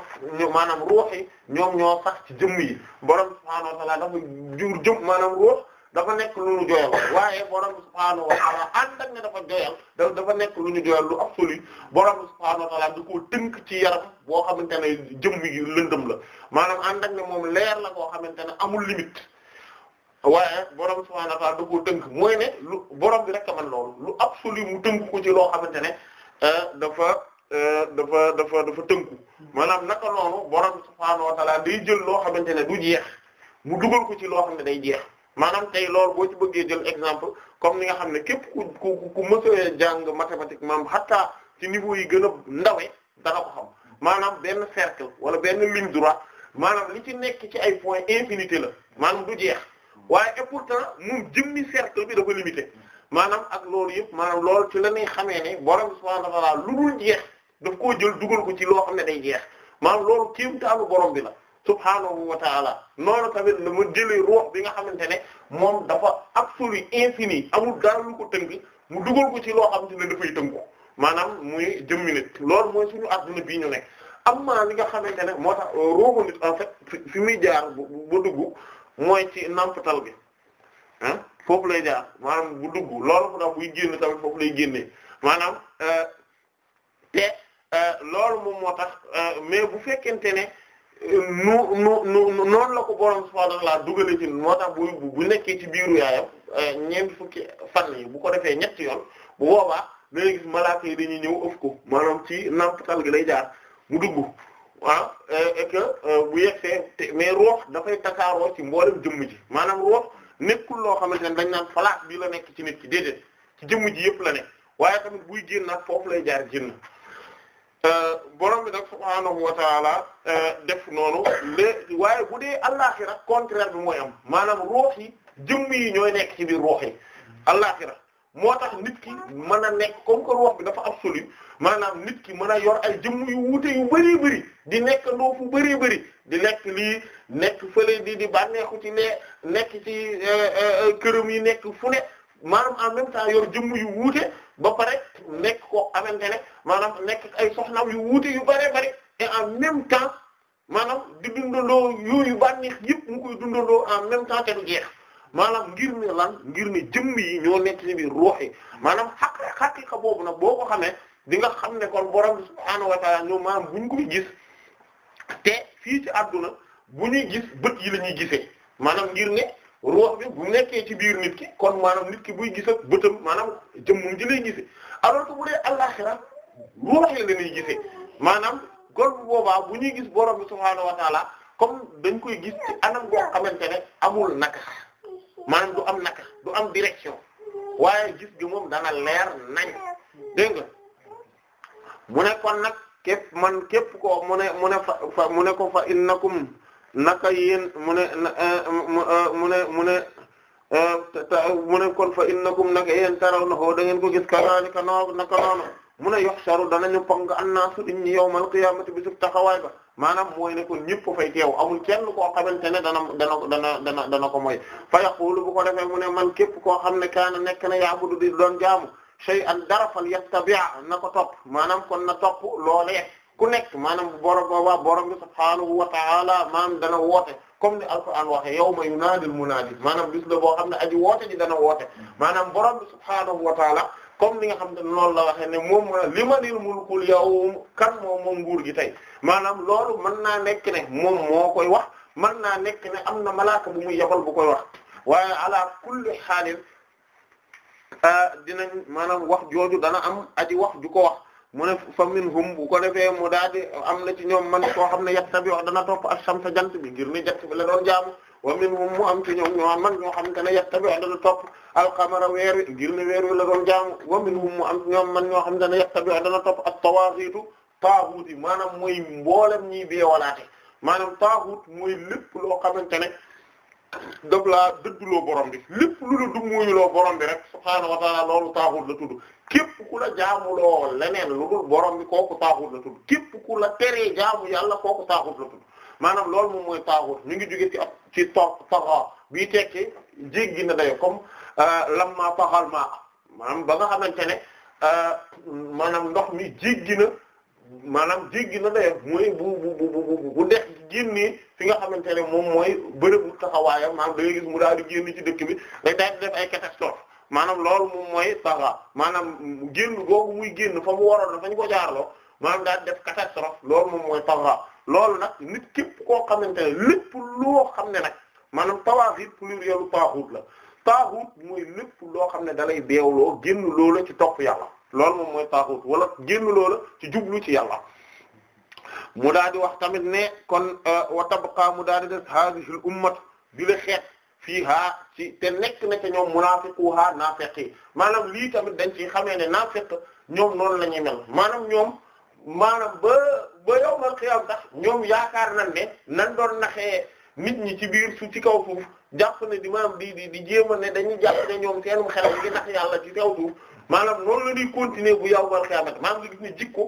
[SPEAKER 2] maanaam ruux yi ñoom ñoo sax ci jëmm yi borom subhaanahu wa ta'ala dafa jur jëm maanaam ruux dafa nekk lu ñu doyal waaye borom subhaanahu wa ta'ala ne dafa doyal da dafa nekk lu ñu doyal lu absolu borom subhaanahu wa ta'ala da koo tënk ci yaram boo xamante ne jëmm yi lëndëm la maanaam ànd ak ne moom leer la koo xamante ne amul limite. waaye borom subhaanahu fa ta'aala da koo mooy ne lu borom bi rek a mën loolu lu absolu mu tënk ko ci loo xamante ne euh, dafa euh, dafa dafa dafa tënku maanaam naka noonu borom subhaanahu wa ta'aala day jël loo xamante ne du jeex mu dugal ko ci loo xam ne day jeex maanaam tey loolu boo ci bëggee jël exemple kom ni nga xam ne képp ku ku ku mësee jàng mathématique maam xataa ci niveau yi gën a ndawe dana ko xam maanaam benn cercle wala benn ligne droite maanaam li ci nekk ci ay points infinité la maanaam du jeex. waaye et pourtant moom jëmmi cercle bi dafa limité maanaam ak loolu yëpp maanaam loolu ci la ñuy xamee ne borom subhaanahu wa ta'aala lu dul jeex daf koo jël dugal ko ci loo xam ne day jeex maanaam loolu kéemtaanu borom bi la subhaanahu wa ta'aala noonu tamit la ma jëlee ruux bi nga xamante ne moom dafa absolu infini amul dara ko tënk mu dugal ko ci loo xam ne dafay maanaam muy jëmmi nit loolu mooy suñu adduna bii ñu nekk am maa li nga xamante ne moo tax ruuxu nit en fi muy jaar ba dugg. mooy ci namp nampatal bi ah foofu lay jaar maanaam bu dugg loolu moo tax buy génn tamit foofu lay génnee maanaam euh, te euh, loolu moom moo tax euh, mais bu fekkente ne nu nu nu noonu la ko borom subhaanahu wa ta'aala dugale ci moo tax bu bu nekkee ci biiru yaayam ñeent fukki fan yi bu ko defee ñetti yoon bu boobaa da ngay gis malaaka yi dañuy ñëw ëf ko maanaam ci nampatal gi lay jaar mu dugg. ah et que euh, bu yegsee mais ruux dafay tasaaroo ci mboolem jëmm ji maanaam ruux nekkul loo xamante ne dañ naan palaat bii la nekk ci nit ki déedéet ci jëmm ji yëpp la nekk waaye tamit buy génn nag foofu lay jaar génn euh, borom bi nag subhaanahu wa taala def noonu lé waaye bu dee àllaaxira contraire bi mooy am maanaam ruux yi jëmm yi ñooy nekk ci biir ruux yi àllaaxira moo tax nit ki mën a nekk comme que ruux bi dafa absolu maanaam nit ki mën a yor ay jëmm yu wuute yu bari bari di nekk ndoo fu bari bari di lekk lii nekk fële di di bànneexu ci lee nekk ci euh, euh, euh, këram yi nekk fu ne maanaam en même temps yor jëmm yu wuute ba pare nekk ko xamante ne maanaam nekk ay soxnaam yu wuute yu bari bari et en même temps maanaam di dundandoo yooyu bànneex yëpp mu koy dundandoo en même temps te jeex maanaam ngir ne lan ngir ne jëmm yi ñoo nekk ci biir ruux yi maanaam xaq xaqiqa boobu nag boo ko xamee di nga xam ne kon borom subhaanahu wa ta'ala ñoom maanaam bu ñu koy gis te fii ci àdduna bu ñuy gis bët yi lañuy ñuy gisee maanaam ngir ne ruux bi bu nekkee ci biir nit ki kon maanaam nit ki buy gis ak bëtam maanaam jëmmum ji lay gisee alors que bu dee yi la ñuy gisee maanaam kon bu ñuy gis borom bi subhaanahu wa dañ koy gis ci anam boo amul naka maanaam du am naka du am direction waaye gis gi moom dana leer nañ dégg mu ne kon nag képp man képp ko mu ne mu ne fa mu ne ko fa innakum naka yéen mu ne eh, eh, mu ne mu ne eh, mu ne kon fa innakum naka yéen taraw na da ngeen ko gis kazalika noo naka noonu mu ne yuhsharu danañu pong annaasu nit ñi yawmal qiyaamati bisub taxawaay ba maanaam mooy ne kon ñëpp fay teew amul kenn koo xamante ne dana dana dana dana dana ko moy fa yaqulu bu ko defee mu ne man képp koo xam ne kaana nekk na yaabudu di doon jaamu shay'an dara fal yattabi' na ko topp maanaam kon na topp loolee ku nekk maanaam borom waa borom bi subhaanahu wa ta'ala maanaam dana woote comme ni alquran waxee yawma yunaadil munaadi maanaam bis la boo xam ne aji woote ji dana woote maanaam borom bi subhaanahu wa ta'ala comme ni nga xam ne noonu la waxee ne moom limanil mulkul yawm kan moom moom nguur gi tey maanaam loolu mën naa nekk ne moom moo koy wax mën naa nekk ne am na malaaka bu muy yabal bu koy wax waaye ala kulli xaalin Ah, dinañ maanaam wax jooju dana am aji wax ju ko wax mu ne fa minhum bu ko defee mu daal di am na ci ñoom man koo xam ne yattabi dana topp ash-shamsa jant bi ngir ne jant bi la doon jaamu wa minhum mu am ci ñoom ñoo man ñoo xam te ne yattabi dana topp al-qamara weer wi ngir ne weer wi la doon jaamu wa minhum mu am ci ñoom man ñoo xam te ne yattabi dana topp at-tawaaxiitu taaxuut yi maanaam mooy mboolem ñiy beewalaate maanaam taaxuut mooy lépp loo xamante ne daf laa dëdduloo borom bi lépp lu la dummuyuloo borom bi rek subhaanahu loolu taaxut la tudd képp ku la jaamuloo leneen lu dul borom bi kooku taaxut la tudd képp ku la teree jaamu yàlla kooku taaxut la tudd maanaam loolu moom mooy taaxut ñu ngi jóge ci ab ci to taxa bii tekki jéggi na dayo comme euh, lamma faxal maa maanaam ba nga xamante ne euh, maanaam ndox mi jéggi na maanaam jéggi na dayoo mooy bu bu bu bu bu dex génnee fi nga xamante ne moom mooy bërëbu taxawaayam maanaam da ngay gis mu daal di génn ci dëkk bi day daal di def ay catastrophe maanaam loolu moom mooy saxaar maanaam génn googu muy génn fa mu waroon dafa ñu ko jaarloo maanaam daal di def catastrophe loolu moom mooy saxaar loolu nag nit képp koo xamante ne lépp loo xam ne nag maanaam tawaaf yi pluriel taaxut la taaxut mooy lépp loo xam ne da lay beewloo génn loola ci topp yàlla. loolu moom mooy taaxut wala génn loola ci jublu ci yàlla mu daal wax tamit ne kon euh, wa tabqa mu daal di des haadihi l ummat bi la xeet fii haa ci te nekk na ca ñoom munaafiquha naafiq yi maanaam lii tamit dañ ci xamee ne naafiq ñoom noonu la ñuy mel maanaam ñoom maanaam ba ba yowmal xiyaam tax ñoom yaakaar nañ ne nan doon naxee nit ñi ci biir su ci kaw suuf jàpp ne di maanaam di di di jéem a ne dañuy jàpp ñoom seenum xel ngi nax yàlla ci kaw suuf maanaam noonu la di continuer bu yawmal xiyaamati maanaam nga gis ne jikko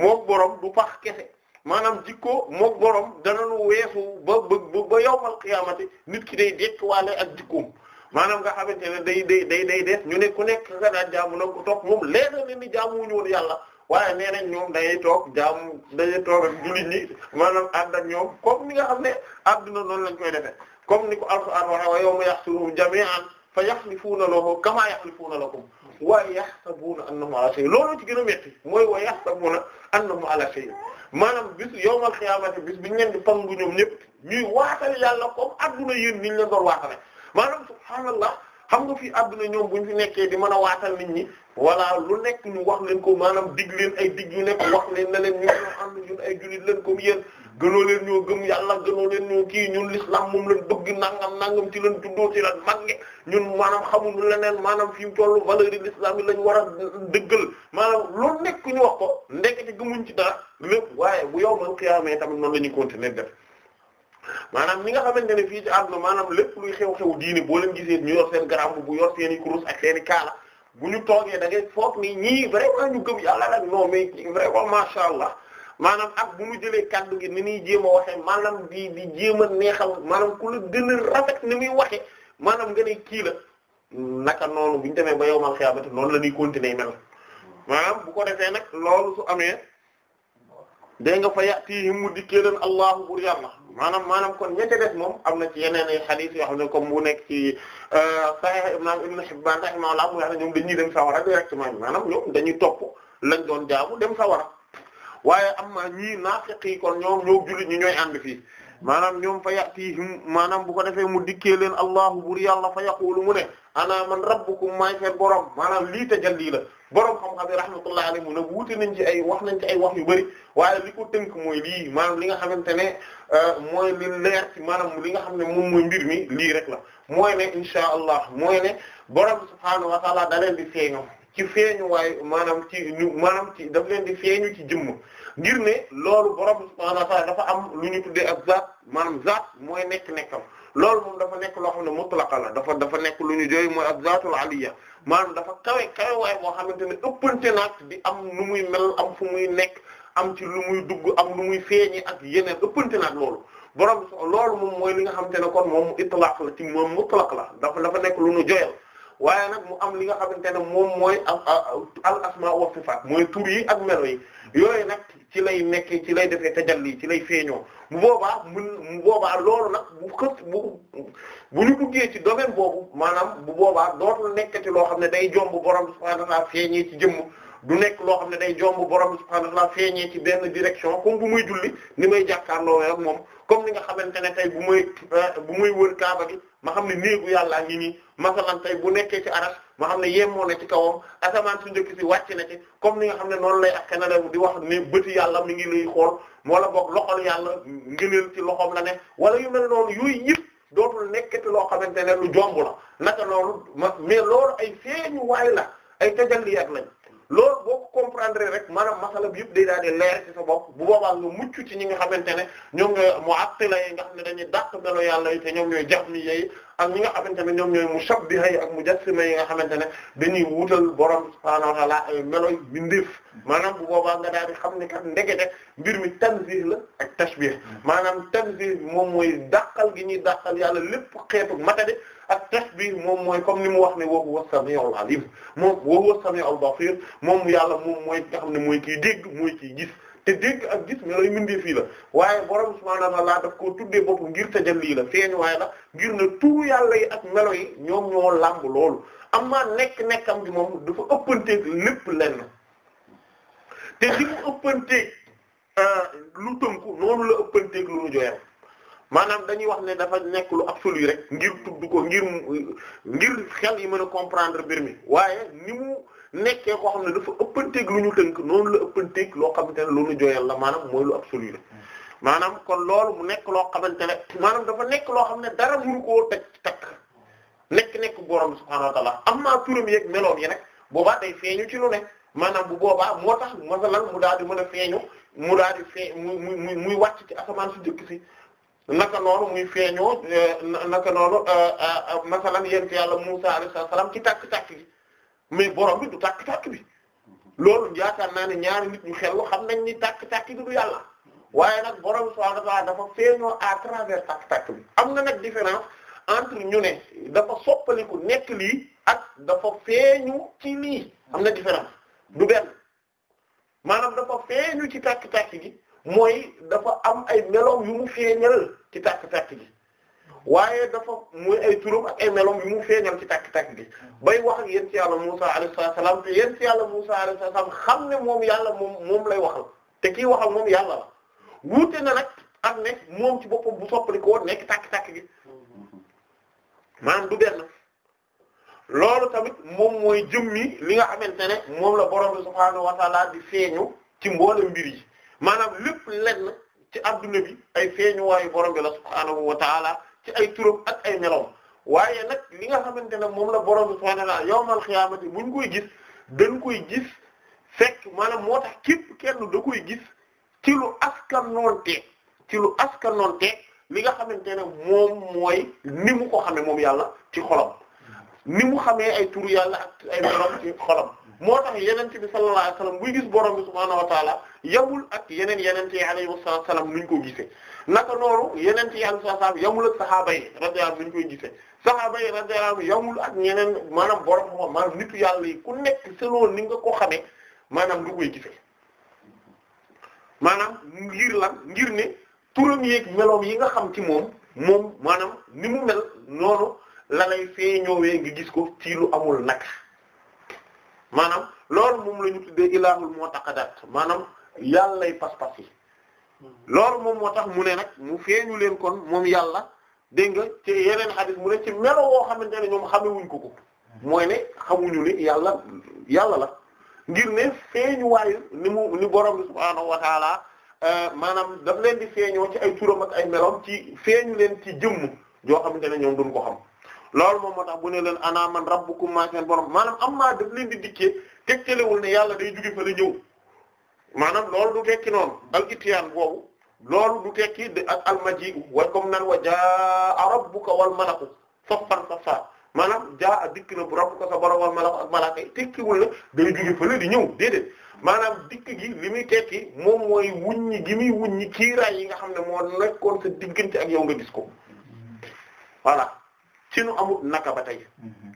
[SPEAKER 2] moo borom du pax kese maanaam jikko mook borom danañu weesu ba ba ba yawmal xiyaamati nit ki day dekkiwaale ak jikkoom maanaam nga xamante ne day day day day ñu ne ku nekk nga daan jaamu na ko toog moom leer na ni jaamuwuñu woon yàlla waaye nee nañ ñoom dañuy toog jaamu dañuy toog ak jullit ñi maanaam ànd ak ñoom comme ni nga xam ne àdduna noonu lañ koy defee comme ni ko Alxuraan waxe wa yawma yahshuruhum jamii'an fa yaxlifuuna lahu kamaa yaxlifuuna lakum wa yaxsabuuna annahum ala shay loolu ci gën a metti mooy wa yaxsabuuna annahum ala shay maanaam bis yawmal qiyaamati bis biñu leen di pangu ñoom ñëpp ñuy waatal yàlla comme adduna yéen niñ leen doon waatale maanaam subhaanallah xam nga fii àdduna ñoom bu ñu fi nekkee di mën a waatal nit ñi voilà lu nekk ñu wax leen ko maanaam dig leen ay dig yu nekk wax leen ne leen ñun ñoo na ñun ay jullit leen comme yéen gënoo leen ñoo gëm yàlla gënoo leen ñoo kii ñun l'islam moom lañ bëgg nangam nangam ci leen tuddoo ci leen màgge ñun maanaam xamuñu leneen maanaam fi mu tollu valeur yi l'islam yi lañ war a dëggal maanaam lu nekk ñu wax ko ndekete gëmuñ ci dara lépp waaye bu yow man xiyaamee tam noonu la ñuy continuer def maanaam ñi nga xamante ne fii ci àdduna maanaam lépp luy xew-xew diini boo leen gisee ñu yor seen garam bu yor seen i kurus ak seen kaala bu ñu toogee da ngay foog ni ñii vraiment ñu gëm yàlla la non maanaam ak bu ñu jëlee kaddu gi ni ñuy jéem a waxee maanaam di di jéem a a rafet ni maanaam nga kii naka noonu bu ñu demee ba yow mal xiyaamati noonu la ñuy continuer mel maanaam bu ko defee nag loolu su amee dégg nga fa yàttii mu dikkee leen allahu bur yàlla maanaam maanaam kon ñette des moom am na ci yeneen ay xadis yoo xam ne comme bu nekk ci euh, Sahih imam Ibn Hibban rahimahullah mu wax ne ñoom dañuy dem sawara directement maanaam ñoom dañuy topp lañ doon jaamu dem sawara waaye am ma ñii naafiq yi kon ñoom ñoo jullit ñi ñooy ànd fii maanaam ñoom fa yatihim maanaam bu ko defee mu dikkee leen allahu bur yàlla fa yaqulu mu ne ana man rabbukum maay seen borom maanaam lii tajalli la borom xam-xam yi rahmatullah alayhi mu ne wuute nañ ci ay wax nañ ay wax yu bari waaye li ko tënk mooy lii maanaam li nga xamante ne euh, mooy li leer ci maanaam li nga xam ne moom mooy mbir mi lii rek la mooy ne insha allah mooy ne borom subhaanahu wa taala da leen di ci feeñu waaye maanaam ci ñu maanaam ci daf leen di feeñu ci jëmm ngir ne loolu borom subhaanahu wa taala dafa am lu ñu tuddee ak zaat maanaam zaat mooy nekk-nekkam. loolu moom dafa nekk loo xam ne mutlaqa la dafa dafa nekk lu ñu jooy mooy ak zaatul aliya maanaam dafa kawe kawe waaye moo xamante ne ëppante naag di am nu muy mel am fu muy nekk am ci lu muy dugg am lu muy feeñi ak yeneen ëppante naag loolu borom loolu moom mooy li nga xam ne kon moom itlaq la ci moom mutlaq la dafa dafa nekk lu ñu jooyal waaye nag mu am li nga xamante ne moom mooy al asma wa sifaat mooy tur yi ak melo yi yooyu nag ci lay nekk ci lay defee tajal yi ci lay feeñoo mu boobaa mun bu boobaa loolu nag bu xës bu bu ñu duggee ci domaine boobu maanaam bu boobaa dootul nekkati loo xam ne day jomb borom subhaanahu wa ta'aala feeñee ci jëmm du nekk loo xam ne day jomb borom subhaanahu wa ta'aala feeñee ci benn direction comme bu muy julli ni may jàkkaarloo ak moom. comme ni nga xamante ne tey bu muy euh, bu muy wër kaaba gi ma xam ne néegu yàlla ngi nii masalan tey bu nekkee ci aras ma xam ne yemoo na ci kawam asamaan su njëkk si wàcc na ci comme ni nga xam ne noonu lay ak na di wax ne bëti yàlla mu ngi lay xool wala boog loxol yàlla ngëneel ci loxoom la ne wala yu mel noonu yooyu yëpp dootul nekkati loo xamante ne lu jomb la naka loolu ma mais loolu ay feeñu waay la ay tajalliyaat lañ lool boo ko comprendre rek maanaam masala yëpp day daal di leer ci sa bopp bu boobaa nga mucc ci ñi nga xamante ne ñoom ñooy mu'attila yi nga xam ne dañuy dàq melo yàlla yi te ñoom ñooy jahmiya yi ak ñi nga ne ñoom ñooy mushabbiha yi ak mujassima yi nga xamante ne dañuy wutal borom subhaanahu wa ta'aala ay melo yu bindeef maanaam bu boobaa nga daal di xam ne kat ndekete mbir mi tanzih la ak tashbih maanaam tanzih moom mooy dàqal gi ñuy dàqal yàlla lépp xeetu de ak tasbih moom mooy comme ni mu wax ne wa huwa samiul alim moom wa huwa basir moom yàlla moom mooy nga xam ne mooy kii dégg mooy kii gis te dégg ak gis mais lay mindee fii la waaye borom subhaanahu wa ta'aala daf koo tuddee bopp ngir tajalli la feeñ waaye la ngir ne turu yàlla yi ak melo yi ñoom ñoo làmb loolu amaa nekk-nekkam bi moom dafa ëppanteeg lépp lenn te di mu ëppanteeg euh, lu tënku noonu la ëppanteeg lu nu joyal maanaam dañuy wax ne dafa nekk lu absolu rek ngir tudd ko ngir ngir xel yi mën a comprendre mbir mi waaye ni mu nekkee koo xam ne dafa ëppanteeg lu ñu tënk noonu la ëppanteeg loo xamante ne loolu jooyal la maanaam mooy lu maanaam kon loolu mu nekk loo xamante ne maanaam dafa nekk loo xam ne dara mënu koo teg takk nekk nekk borom subhaanahu wa ta'aala am naa turam yeeg meloom yi nag boobaa day feeñu ci lu maanaam bu boobaa moo tax masalan mu daal di mën a feeñu mu daal di feeñ muy muy muy ci asamaan su jëkk si naka noonu muy feeñoo euh, naka noonu euh, euh, masalan yent yàlla Musaa alayhi salaam ci tàkk-tàkk bi mais borom bi du tàkk-tàkk bi loolu yaakaar naa ne ñaari nit ñu xel xam nañ ni tàkk-tàkk bi du yàlla waaye nag borom bi subhaanahu wa ta'aala dafa feeñoo à travers tàkk bi am na nag différence entre ñu ne dafa soppaliku nekk lii ak dafa feeñu ci lii am na différence du benn maanaam dafa feeñu ci tàkk-tàkk gi mooy dafa am ay meloom yu mu feeñal ci tàkk-tàkk gi waaye dafa muy ay turam ak ay meloom yu mu feeñal ci tàkk-tàkk gi bay wax ak yéen ci yàlla Musa alayhi salaam te yéen ci yàlla salaam xam ne moom yàlla moom moom lay waxal te wax ak moom yàlla la wuute na nag ak ne moom ci boppam bu soppali ko woon nekk tàkk-tàkk gi maanaam du benn loolu tamit moom mooy jëmmi li nga xamante ne moom la borom bi subhaanahu wa ta'ala di feeñu ci mboole mbir yi. maanaam lépp lenn ci adduna bi ay feeñuwaayu borom bi la subhaanahu wa taala ci ay turam ak ay melom waaye nag li nga xamante ne moom la borom bi subhaanahu wa taala yawmal xiyaamati buñ koy gis dañ koy gis fekk maanaam moo tax képp kenn da koy gis ci lu askanoonte ci lu askanoonte li nga xamante ne moom mooy ni mu ko xamee moom yàlla ci xolam ni mu xamee ay turu yàlla ak ay melom ci xolam moo tax yenente bi sallallahu alayhi wa sallam buy gis borom bi subhaanahu wa taala yamul ak yeneen yenente yi alayhi wa sallam nuñ ko gisee naka noonu yenente yi alayhi wa sallam yamul ak sahaaba yi radiyallahu anhum nuñ koy gisee sahaaba yi radiyallahu anhum yamul ak ñeneen maanaam borom moom maanaam nitu yàlla yi ku nekk selon ni nga ko xamee maanaam nga koy gisee maanaam ngir lan ngir ne turam yeeg meloom yi nga xam ci moom moom maanaam ni mu mel noonu la lay fee ñëwee nga gis ko ci lu amul naka maanaam loolu moom la ñu moo ilaahul mu'taqadat maanaam yàllay pas-pas yi loolu moom moo tax mu ne nag mu feeñu leen kon moom yàlla dégg nga ci yeneen xadis mu ne ci melo woo xamante ne ñoom xamewuñ ko ko mooy ne xamuñu ne yàlla yàlla la ngir ne feeñu waayu ni mu ni borom bi subhaanahu wa taala euh, maanaam daf leen di feeñoo ci ay turam ak ay meloom ci feeñu leen ci jëmm joo xamante ne ñoom duñ ko xam loolu moom moo tax bu ne leen ana man rabbukum maa seen borom maanaam am maa daf leen di dikkee tegtalewul ne yàlla day juge fa la ñëw maanaam loolu du tekki noonu al ittiyaan boobu loolu du tekki de ak almajiu wa comme nan wa jaa rabbuka wal malaku saffan saffa maanaam jaa a dikk na bu rabbuka sa borom wal malaku ak malaaka yi tekkiwul ne day juge fa di ñëw déedéet maanaam dikk gi li muy tekki moom mooy wuññi gi muy wuññi kiiraay yi nga xam ne moo nekkoon sa diggante ak yow nga gis ko ci nu amul naka ba tey mhm.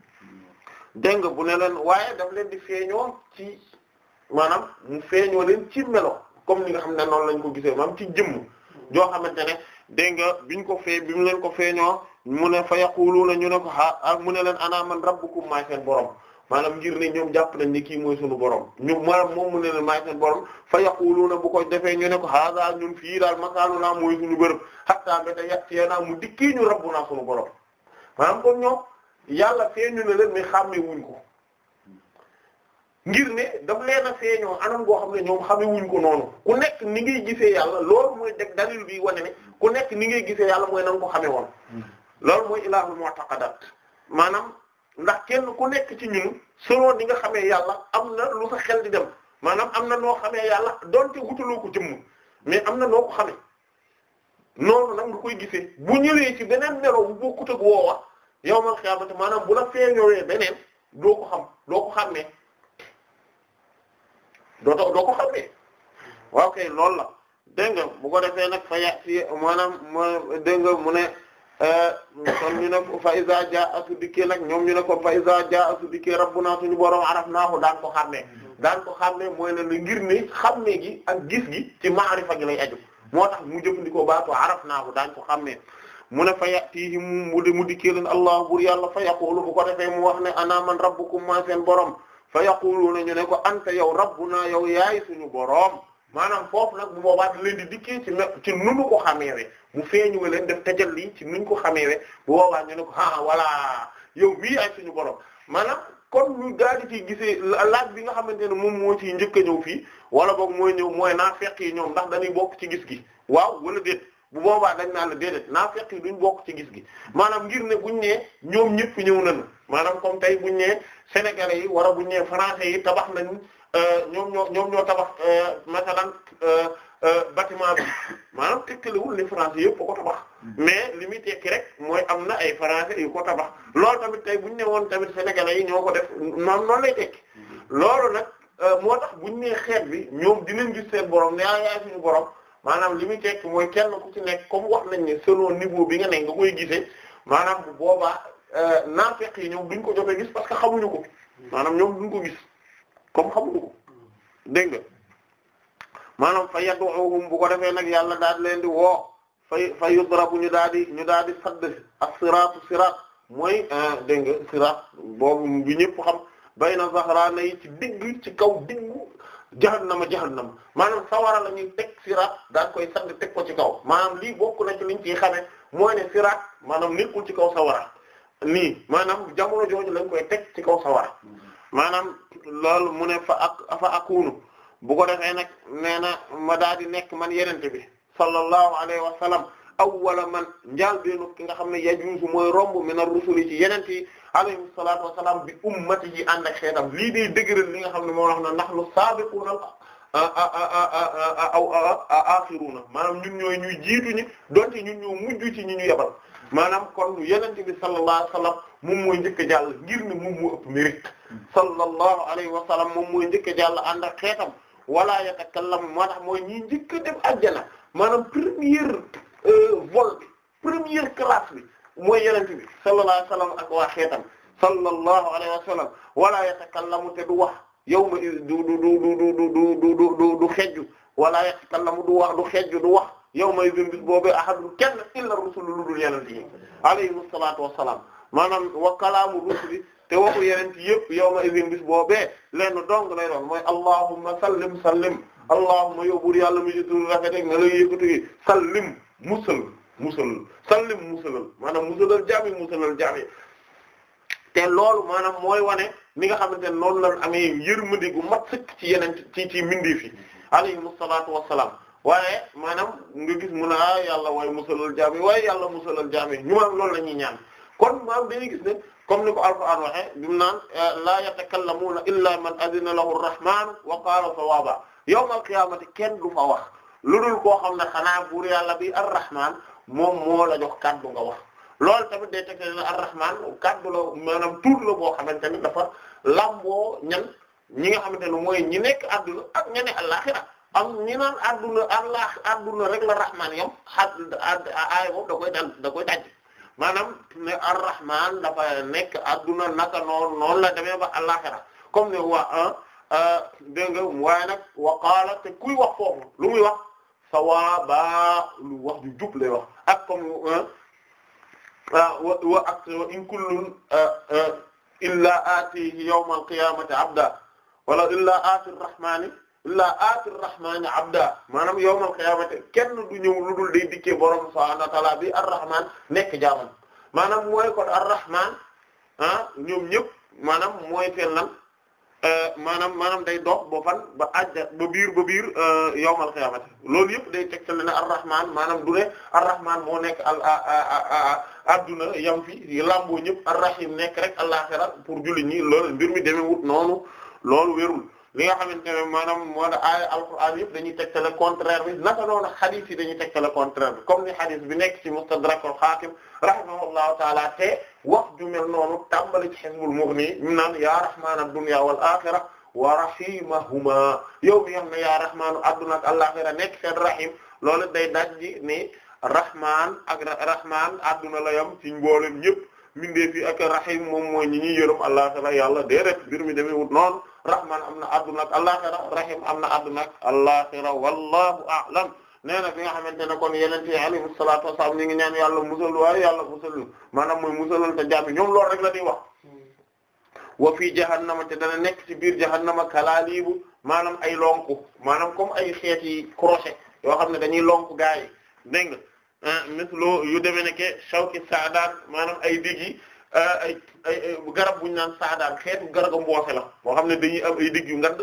[SPEAKER 2] dégg nga bu ne leen waaye daf leen di feeñoo ci maanaam mu feeñoo leen ci melo comme ni nga xam ne noonu lañ ko gisee maanaam ci jëmm joo xamante ne dégg nga biñ ko fee bi mu leen ko feeñoo mu ne fa yaquluuna ñu ne ko a mu ne leen ana man rabbukum maay seen borom maanaam ngir ne ñoom jàpp nañ ni kii mooy sunu borom ñu maanaam moom mu ne leen maay seen borom fa yaquluuna bu ko defee ñu ne ko haaza ñun fii daal makaanu naa mooy suñu bërëb hatta mbéta yattiye naa mu dikkii ñu rabbu naa sunu borom maanaam kon ñoom yàlla feeñu na leen mais xàmme wuñ ko ngir ne daf leen a feeñoo anam goo xam ne ñoom xame wuñ ko noonu ku nekk ni ngay gisee yàlla loolu mooy deg dalil bi wane ne ku nekk ni ngay gisee yàlla mooy nan ko xame woon hmm. loolu mooy ilahul mu'taqadat maanaam ndax kenn ku nekk ci ñun selon ni nga xamee yàlla am na lu sa xel di dem maanaam am na noo xamee yàlla donte wutaloo ko jëmm mais am na noo ko xamee noonu nag nga koy gisee bu ñëwee ci beneen melo bu bokkut ak woowa yow man xiyaamati maanaam bu la feeñoowee beneen doo ko xam doo ko xàmmee doo doo ko xàmmee waaw kay nga bu ko defee nag fa maanaam ma nga mu ne eh, kon na ne fa iza jaa asu ñu ne ko fa iza jaa asu dikkee rabbuna suñu borom arafnaahu daan ko ko xàmmee mooy ne ngir ne gi ak gis gi ci maarifa gi lay aju moo tax mu jëfandikoo baatu arafnaahu daañ ko xàmmee mu ne fa yatiihim mu mu dikkee leen allah bur yàlla fa yaqulu bu ko defee mu wax ne ana man rabbukum maa seen borom fa yaquluuna ñu ne ko anta yow rabbunaa yow yaay suñu borom maanaam foofu nag bu boobaa da leen di dikkee ci ci nunu ko xameewe mu feeñu nga leen def tajal lii ci nuñ ko xameewe bu boobaa ñu ne ko ah voilà yow bii yaay suñu borom maanaam kon ñu daal di ci gisee laaj bi nga xamante ne moom moo ciy njëkk a ñëw fii wala boog mooy ñëw mooy naafeq yi ñoom ndax dañuy bokk ci gis gi waaw wala déet bu boobaa dañ naan la déedéet naafeq yi duñ bokk ci gis gi maanaam ngir ne buñ nee ñoom ñëpp ñëw nañu maanaam kom tey buñ nee sénégalais yi wala buñ nee français yi tabax nañ euh, ñoom ñoo ñoom ñoo tabax euh, masalan euh, Euh, bâtiment bi maanaam wul ne français yëpp ko tabax mais li muy tekki rek mooy am na ay français yu ko tabax loolu tamit tey bu ñu ne woon tamit sénégalais yi ñoo ko def noonu noonu lay tekki loolu nag euh, moo tax bu ñu nee xeet bi ñoom dinañ gis seen borom ne yaa ah, yaay suñu borom maanaam li muy tekki mooy kenn ku ci nekk comme wax nañ ne selon niveau bi nga ne nga koy gisee maanaam bu boobaa euh, naafeq yi ñëw duñ ko jotee gis parce que xamuñu ko maanaam ñoom ko gis comme xamuñu ko dégg nga. maanaam fa yad'uhum bu ko defee nag yàlla daal leen di woo fa fa yudrabu ñu daal di ñu daal di sadd as-siraatu siraat mooy euh, dégg nga siraat boobu bi ñëpp xam bayna zahraana yi ci digg ci kaw diggu jahannama jahannama maanaam sawara la ñuy teg siraat daal koy sadd teg ko ci kaw maanaam lii bokk na ci liñ ci xamee mooy ne siraat maanaam nekkul ci kaw sawara nii maanaam jamono jooju lañ koy teg ci kaw sawara mm-hmm. maanaam loolu mu ne fa ak fa akunu bu ko defee nag nee na ma daal di nekk man yenente bi sallallahu alayhi wa sallam awwala man njaal déenu ki nga xam ne yajuusu mooy romb min ar-rusuli ci yenente yi alayhi salatu wassalam bi ummati yi ànd ak xeetam lii day dëgëral li nga xam ne moo wax na nahnu sabiquna aw axiruna maanaam ñun ñooy ñuy jiitu ñi donte ñun ñoo mujj ci ñi ñu yebal maanaam kon yenente bi sallallahu alayhi wa sallam moom mooy njëkk a jàll ngir ne moom moo ëpp mérite hmm. sallallahu alayhi wa sallam moom mooy njëkk a jàll ànd ak xeetam wala yatakallamu moo tax mooy ñi njëkk a dem ajjana maanaam première euh, vol bi première classe bi mooy yenent bi sallallahu alayhi wa sallam ak waa xeetam sallallahu alayhi wa sallam wala yatakallamu te du wax yawma du du du du du du du du du xejju wala yatakallamu du wax du xejju du wax yawma idin bis boobu ahadun kenn illa rusulu lu dul yenent yi alayhimu salaatu wassalaam maanaam wa kalaamu rusuli te waxu yeneen yëpp yawma izin bis boobee lenn dong lay doon mooy allahumma sallim sallim allahumma yow buur yàlla mu ci tur rafet ak na la yëkkatu gi sallim musal musal sallim musalal maanaam musalal jaami musalal jaami te loolu maanaam mooy wane ni nga xamante ne noonu lañ amee yërmande gu mat sëkk ci yeneen ci ci mbindeef yi alayhimu salaatu wassalaam waaye maanaam nga gis mu ne ah yàlla waaye musalal jaami waaye yàlla musalal jaami ñu maanaam loolu la ñuy ñaan kon maam dañuy gis ne comme ni ko alquran waxee bi mu naan eh, laa yatakallamuuna illa man adina lahu rrahman wa qaala sawaaba yawmal qiyaamati kenn du fa wax lu dul koo xam ne xanaa buur yàlla bi arrahman moom moo la jox kàddu nga wax loolu tamit day teg ne arrahman kàddu la maanaam tur la boo xamante ne dafa lamboo ñan ñi nga xamante ne mooy ñi nekk adduna ak ña am ñi naan adduna allah adduna rek la rahman yam xadd aay da koy dal maanaam ne ar-rahman dafa nekk adduna naka noonu noonu la demee ba àllaxira comme ne waa ah, ah, dégg nga waaye nag wa qaala te kuy wax foofu lu muy wax sawaaba lu wax ju jub lay wax ak comme ah, wa wa ak in kullun illa aatihi yawma al-qiyaamati abda wala illa aati ar-rahmaani la aati rahmaani abda maanaam yawmal qiyaamati kenn du ñëw lu dul day dikkee borom subhaanahu wa ta'aala bi nekk jaamam maanaam mooy kon ar-rahmaan ah ñoom ñëpp maanaam mooy seen lan eh, maanaam maanaam day dox ba fan ba àjja ba biir ba biir eh, yawmal qiyaamati loolu yëpp day teg ne ar-rahmaan maanaam du ne ar moo nekk al adduna yam fi lamboo ñëpp ar nekk rek al pour juli ñi loolu mbir mi demee wut noonu loolu wérul. li nga xamante ne maanaam moo da aaya alquraan yëpp dañuy tegtale contraire bi naka noonu xadis yi dañuy tegtale contraire bi comme ni xadis bi nekk ci mustadrakul xaakim rahimahullahu taala te wax ju mel noonu tàmbali ci xisbul mughni mi naan yaa rahmaana dunya wal axira wa rahimahuma yow mi nga xam ne yaa rahmaanu adduna ak alaxira nekk seen rahim loolu day daj ji ni rahmaan ak rahmaan adduna la yam ci mboolem ñëpp mbindeef yi ak rahim moom mooy ñi ñuy yërëm alaxira yàlla déedéet mbir mi demee wut noonu rahman am na adduna ak alaxira rahim am na adduna ak alaxira wallahu a'lam nee na bi nga xamante ne kon yeneen ci alayhi salaatu wasalaam ñu ngi ñaan yàlla musal waaye yàlla musal maanaam mooy musalal te jàmbi ñoom loolu rek la di wax wa fii jahannama te dana nekk ci biir jahannama kalaalibu maanaam ay lonku maanaam comme ay xeet yi crochet yoo xam ne dañuy lonku gaa yi dégg nga ah, mislo yu demee ne ke shawki saadaan maanaam ay digg yi ay ay garab bu naan saadaan xeetu garabu mboose la boo xam ne dañuy am ay yu ngand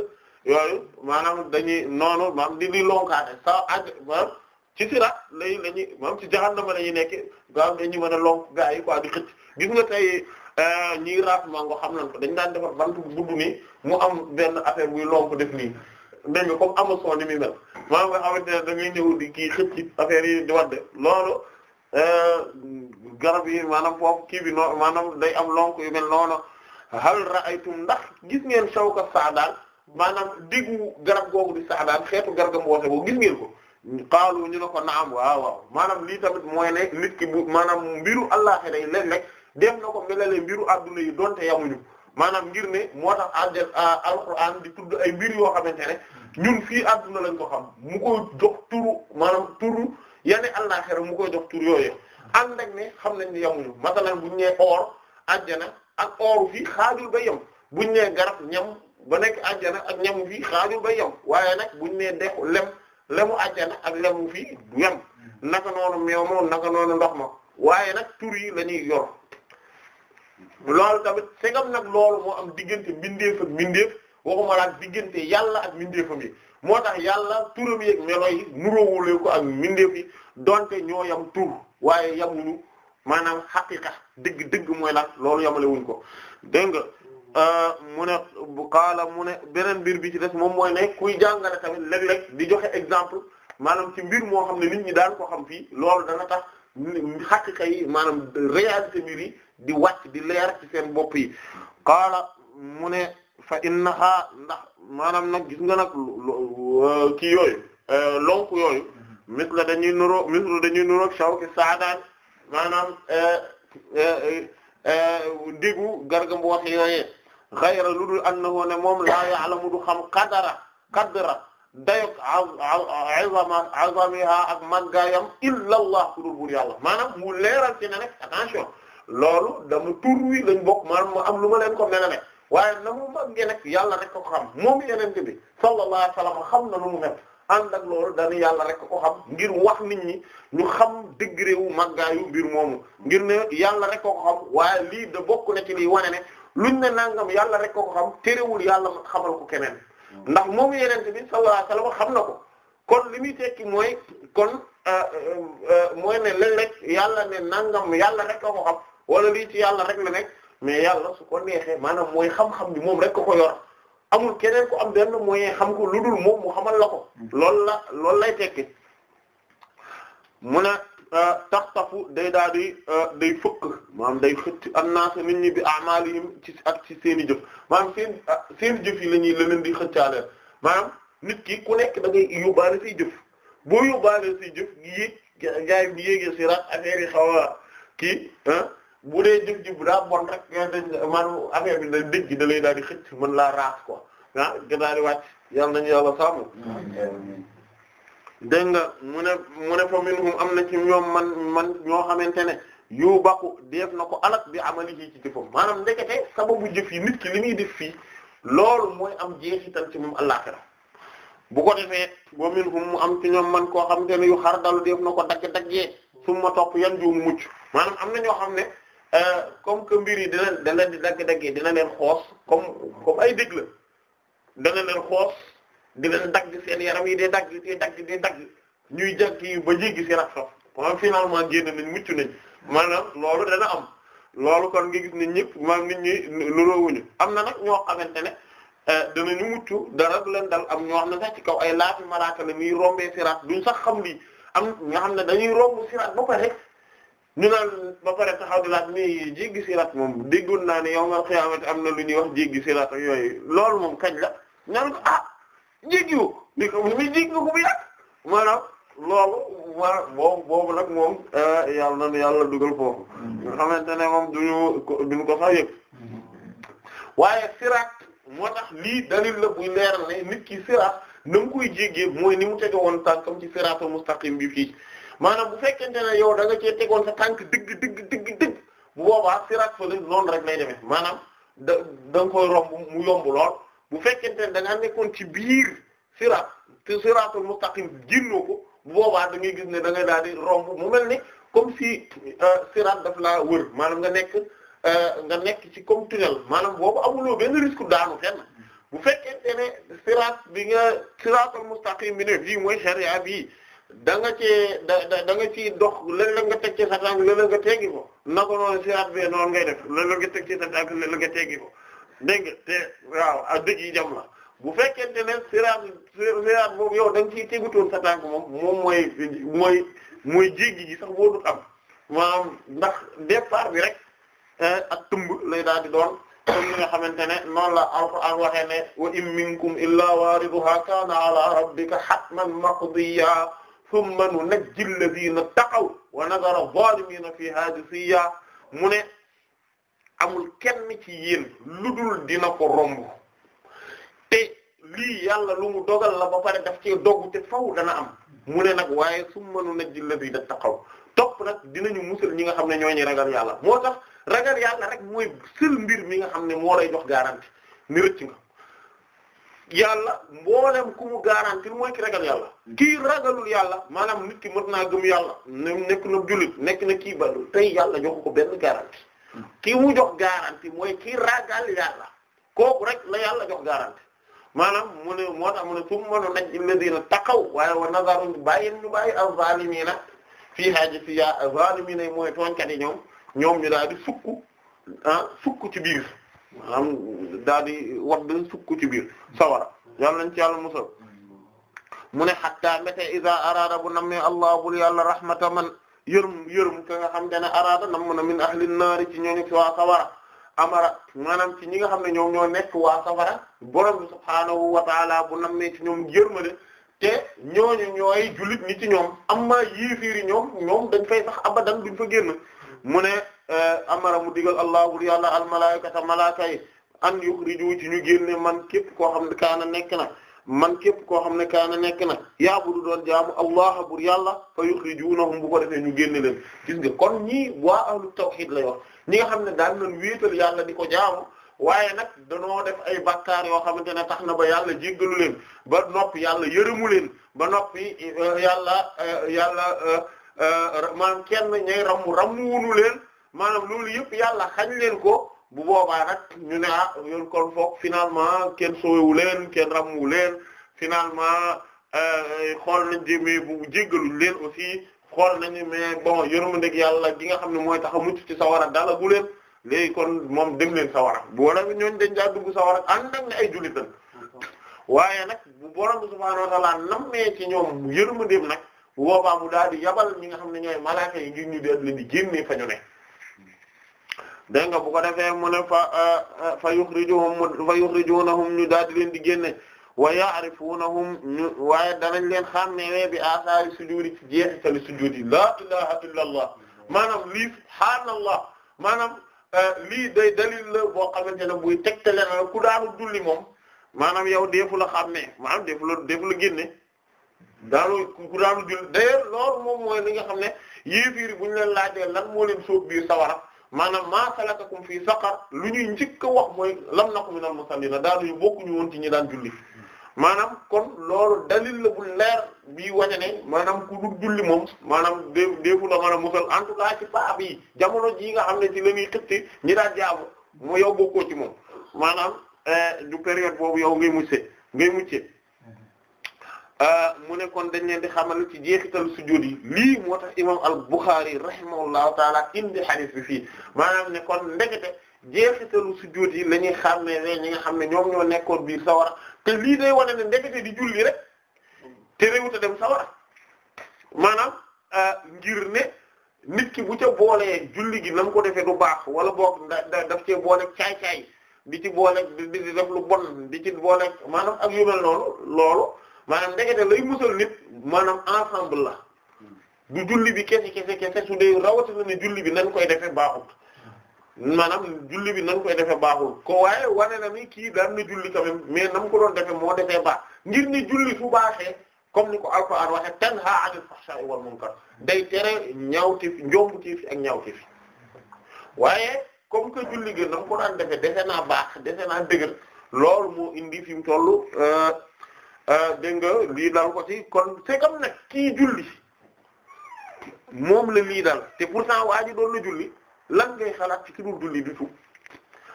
[SPEAKER 2] yooyu maanaam dañuy noonu maanaam di di lonkaate sa ak maanaam ci siraat lañuy la ñuy maanaam ci jahannama la ñuy nekk nga xam ne ñu mën a lonk gaa yi quoi di xëcc gis nga tey euh, ñiy raat mango xam nañ ko dañ daan defar bant bu gudd nii mu am benn affaire buy lonk def nii dégg nga comme Amazon ni muy mel maanaam nga xamante ne da ngay ñëw di kii xëcc affaire yi di wadde loolu Euh, garab yi maanaam foofu kii bi noonu maanaam day am lonk yu mel noonu hal ra'aytum ndax gis ngeen shawka saadaan maanaam diggu garab googu di saadaan xeetu garga mboote boobu gis ngeen ko xaalu ñu ne ko naam waaw waaw maanaam lii tamit mooy ne nit ki maanaam mbiru àllaaxira yi léeg-léeg dem na ko melalee mbiru adduna yi donte yamuñu maanaam ngir ne moo tax alxuraan di tudd ay mbir yoo xamante ne ñun fii adduna lañ ko xam mu ko jox turu maanaam turu yane àllaaxira mu koy jox tur yooyu ànd ak ne xam nañ ne yamuñu masalan buñ nee or àjjana ak oru fii xaajul ba yem buñ nee garab ñam ba nekk àjjana ak ñamu fii xaajul ba waaye nag buñ nee deku lem lemu àjjana ak lemu fii du yem naka noonu meew ma naka noonu ndox ma waaye nag tur yi lañuy ñuy yor loolu tamit segam nag loolu moo am diggante mbindeef ak mbindeef waxuma la diggante yàlla ak mbindeefam yi moo tax yàlla turam yeeg melo yi nuróowulee ko ak mbindeef yi donte ñoo yam tur waaye yamuñu maanaam xaqiqa dëgg dëgg mooy lan loolu yamale wuñ ko dégg nga euh, mu ne bu mu ne beneen mbir bi ci des moom mooy ne kuy jàngale tamit léeg-léeg di joxe exemple maanaam ci mbir moo xam ne nit ñi daan ko xam fii loolu dana tax xaqiqa yi maanaam réalité mbir yi di wàcc di leer ci seen bopp yi xaala mu fa innaha ndax maanaam nag gis nga nag euh, kii yooyu euh, lonku yooyu mm-hmm. misla dañuy nuroo misla dañuy nuroog shawki saadaan maanaam euh, diggu gargam bu wax yooyee xayra lu dul annahu ne moom laa ya'lamu du xam qadara qadra dayok azama azamiha ak màggaayam yam allah ku dul buur yàlla maanaam mu leeral ci ne rek attention loolu dama tur wi lañ maanaam ma am lu ma leen ko melale waaye namu mag gi nekk yàlla rek ko xam moom yeneen bi sallallahu alayhi wa sallam xam na lu mu nekk ànd ak loolu dañu yàlla rek ko xam ngir wax nit ñi ñu xam degré wu màggaayu mbir moomu ngir ne yàlla rek ko xam waaye lii da bokk na ci lii wane ne ñu ne nangam yàlla rek ko xam terewul yàlla xamal ko keneen ndax moom yeneen bi sallallahu alayhi xam na ko kon li muy tekki mooy kon euh, euh, euh, mooy ne léeg-léeg yàlla ne nangam yàlla rek ko xam wala lii ci yàlla rek la mais yàlla su ko neexee maanaam mooy xam-xam bi moom rek ko ko amul keneen ku am benn moyen xam ko lu dul moom mu xamal la ko lool loolu lay tekki mu ne euh, taxtafu day daal di euh, day fëkk maanaam day xëcc annaas nit ñi bi a'malihim ci ak ci seen i jëf maanaam seen euh, seen jëf yi la ñuy leneen di xëccaaleel maanaam nit ki ku nekk da ngay yóbbaale say jëf boo yóbbaale say jëf gi yéeg gaay bi yéegee siraat affaire yi xaw a bu dee jëf ji bu daa bon rek maanaam affaire bi da dëgg da lay daal di xëcc mën laa raax ko ah daal di wàcc yàlla nañu yàlla sàmm dégg nga mu ne mu ne fa minhum am na ci ñoom man man ñoo xamante ne yu baqu def na ko alak bi ama ci ci jëfam maanaam ndekete sababu jëf yi nit ki li muy def fii loolu mooy am jeexital ci moom àllaxira bu ko defee ba minhum mu am ci ñoom man koo xam ne yu xar dalu def na ko dagg daggee suma topp yan ju mucc maanaam am na ñoo xam ne Euh, comme que mbir yi dina dana di dagg-dagg dina leen xoos comme comme ay dég la dana leen xoos di dagg seen yaram yi de dagg di dagg di dagg ñuy jàkk yi ba jéggi seen ak sof maanaam finalement génn nañ mucc nañ maanaam loolu dana am loolu kon nga gis ne ñëpp maanaam nit ñi am na nag ñoo xamante ne euh, ñu mucc dara du leen dal am ñoo xam ne sax ci kaw ay laafi maraaka la ñuy rombee siraat duñ sax xam lii am nga xam ne dañuy romb siraat ba pare ñu naan ba pare taxaw di laat nii jéggi sirat moom déggoon naa ne yawmal qiyaamati am na lu ñuy wax jéggi sirat ak yooyu loolu moom kañ la ñaan ko ah jéggiwu ni ko mu jéggi bu yàgg maanaam loolu ma boobu boobu nag moom eh, yàlla na nu dugal foofu mm-hmm. nga xamante ne moom duñu duñu ko sax yëg mm-hmm. waaye sirat moo tax lii dalil la buy leeral ne nit ki sirat na koy jéggee mooy ni mu tege woon tànkam ci siratul mustaqim bi fii maanaam bu fekkente ne yow da nga cee tegoon sa tànk digg digg digg digg bu boobaa sirat fa noon rek lay demee maanaam da da koy romb mu yomb lool bu fekkente ne da nga nekkoon ci biir sirat te siratul mustaqim génnoo ko bu boobaa da ngay da ngay daal di romb mu mel ni comme si euh, sirat daf laa nga nekk euh, nga nekk ci comme tunnel maanaam boobu amuloo benn risque daanu fenn bu fekkente ne sirat bi nga siratul mustaqim bi ne fii mooy sharia bii da nga cee da da nga ciy dox léeg-léeg nga teg ci sa tànk léeg-léeg nga teggi ko naka noonu si at noonu ngay def léeg-léeg nga teg ci sa tànk léeg-léeg nga teggi ko dégg nga te waaw ak dëj yi jam bu fekkente ne siraat siraat boobu yow da nga ciy tegutoon sa tànk moom moom mooy mooy mooy jéggi gi sax boo dut am maanaam ndax départ bi rek eh, a tëmb lay daal di doon comme ne noonu la alquran waxee ne wa in minkum illaa waariduhaa kaana ala rabbika hatman maqdiya thumma nunajji alladhina taqaw wa nadharu adh-dhalimina fiha jithiya mu ne amul kenn ci yéen lu dul dina ko romb te lii yàlla lu mu dogal la ba pare daf ci dogg te faw dana am mu ne nag waaye thumma nunajji alladhina taqaw topp nag dinañu musal ñi nga xam ne ñoo ñi ragal yàlla moo tax ragal yàlla rek mooy sël mbir mi nga xam ne moo lay jox garanti ni rëcc nga yàlla mboolem ku mu garantir mooy ki ragal yàlla ki ragalul yàlla maanaam nit ki mën naa gëm yàlla ne nekk na jullit nekk na kii tey yàlla jox ko benn garantie kii mu jox garantie mooy kii ragal yàlla kooku rek la yàlla jox garantie maanaam mu ne moo tax mu ne summa nunajji alladhina taqaw waaye wa nazaru bàyyin ñu bàyyi az-zalimina fii hajati ya az-zalimina yi mooy tooñkat yi ñoom ñoom ñu daal di sukk ah ci biir maanaam daal di wadd sukk ci biir sawara yàlla nañ ci yàlla musal mu ne xatta mbéte isa araada bu nam mee allah bul yàlla rahmata man yërëm yërëm ka nga xam te ne araada nam mun a min ahli naari ci ñooñu ci waa sawara amara maanaam ci ñi nga xam ne ñoom ñoo nekk waa sawara borom bi subhaanahu wa bu nam mee ci ñoom yërmale te ñooñu ñooy jullit ñi ci ñoom amma yiifiiri ñoom ñoom dañ fay sax abadan duñ fa génn mu Eh, amara mu digal allahu bur yàlla almalayikata malaaka yi an yukhriju ci ñu génne man képp koo xam ne kaana nekk na man képp koo xam ne kaana nekk na yaabudu doon jaamu allah bur yàlla fa yukhrijunahum bu ko defee ñu génne leen gis nga kon ñii waa ahlu tawhid lay ñi nga xam ne daal nañ wéetal yàlla di ko jaamu waaye nag danoo def ay bakkaar yoo xamante ne tax na ba yàlla jéggalu leen ba noppi yàlla yërëmu leen ba noppi eh, yàlla eh, yàlla maanaam kenn ñay ramu ramu leen maanaam loolu yëpp yàlla xañ leen ko bu boobaa nag ñu ne ah ñun kon foog finalement kenn soowewu leen kenn ramwu leen finalement euh, xool nañ jémee bu jéggaluñ leen aussi xool ñu mais bon yërmandeeg yàlla gi nga xam ne mooy tax a mucc ci sawara dala bu leen léegi kon moom dem leen sawara bu wala ñooñ dañ daa dugg sawara ànd ne ay jullit lañ waaye nag bu borom subhaanahu wa ta'aala nammee ci ñoom yërmandeem nag bu boobaa mu daal di yabal ñi nga xam ne ñooy malaaka yi ngir ñu di leen di génnee fa ñu ne dégg nga bu ko defee mu ne fa euh, euh, fa yuxrijuhum fa yuxrijunahum ñu daal di leen di génne wa waaye danañ leen xàmmee bi asaari sujudi ci jeexitali sujudi la ilaha illa allah maanaam lii subhaanallah maanaam euh, lii day dalil la boo xamante ne buy tegtale na ku daanu julli moom maanaam yow deefu la xàmmee maanaam deefu la deefu la génne daanu ku daanu julli d'ailleurs loolu moom mooy li nga xam ne yéefiiri bu ñu leen laajee lan moo leen sóob biir sawara maanaam maa salakakum fi saqar lu ñuy njëkk a wax mooy lam naku minal musallina daanuñu bokkuñu woon ci ñi daan julli maanaam kon loolu dalil la bu leer bii wañe maanaam ku dul julli moom maanaam dé déefu la maanaam musal en tout cas ci paa bi jamono jii nga xam ne ci la ñuy xëtti ñi daan jaabu moo yow bokkoo ci moom maanaam eh, du période boobu yow ngay mucce ngay mucce Euh, mu ne kon dañ leen di xamal ci jeexital sujjóot yi lii moo tax imam al-Bukhari rahimahullahu taala indi hadith bi fii maanaam ne kon ndekete jeexitalu sujjóot yi lañuy ñuy xàmmee ne xam ne ñoom ñoo nekkoon biir sawara te lii day wane ne ndekete di julli rek te réewuta dem sawara maanaam euh, ngir ne nit ki bu ca boolee julli gi na ko defee du baax wala boog da daf cee boole caay-caay di ci boole di def lu bon di ci boole maanaam ak yu mel noonu loolu maanaam ndekete lay musal nit maanaam ensemble la du julli bi kese kese kese su dee rawatina ne julli bi nan koy defee baaxul maanaam julli bi nan koy defee baaxul ko waaye wane na ni kii daan na julli quand mais nam ko doon defee moo defee baax ngir ni julli fu baaxe comme ni ko Alxuraan waxe tanha anil fahsha'i wal munkar day tere ñaawteef njombteef ak ñaawteef waaye kom que julli gi nam ko daan defee defe naa baax defe naa dëgër loolu moo indi fi mu toll. Euh, Ah, dégg nga lii dal ko ci kon c'est comme nag kii julli moom la lii dal te pourtant waa doon la julli lan ngay xalaat ci ki dul julli du tout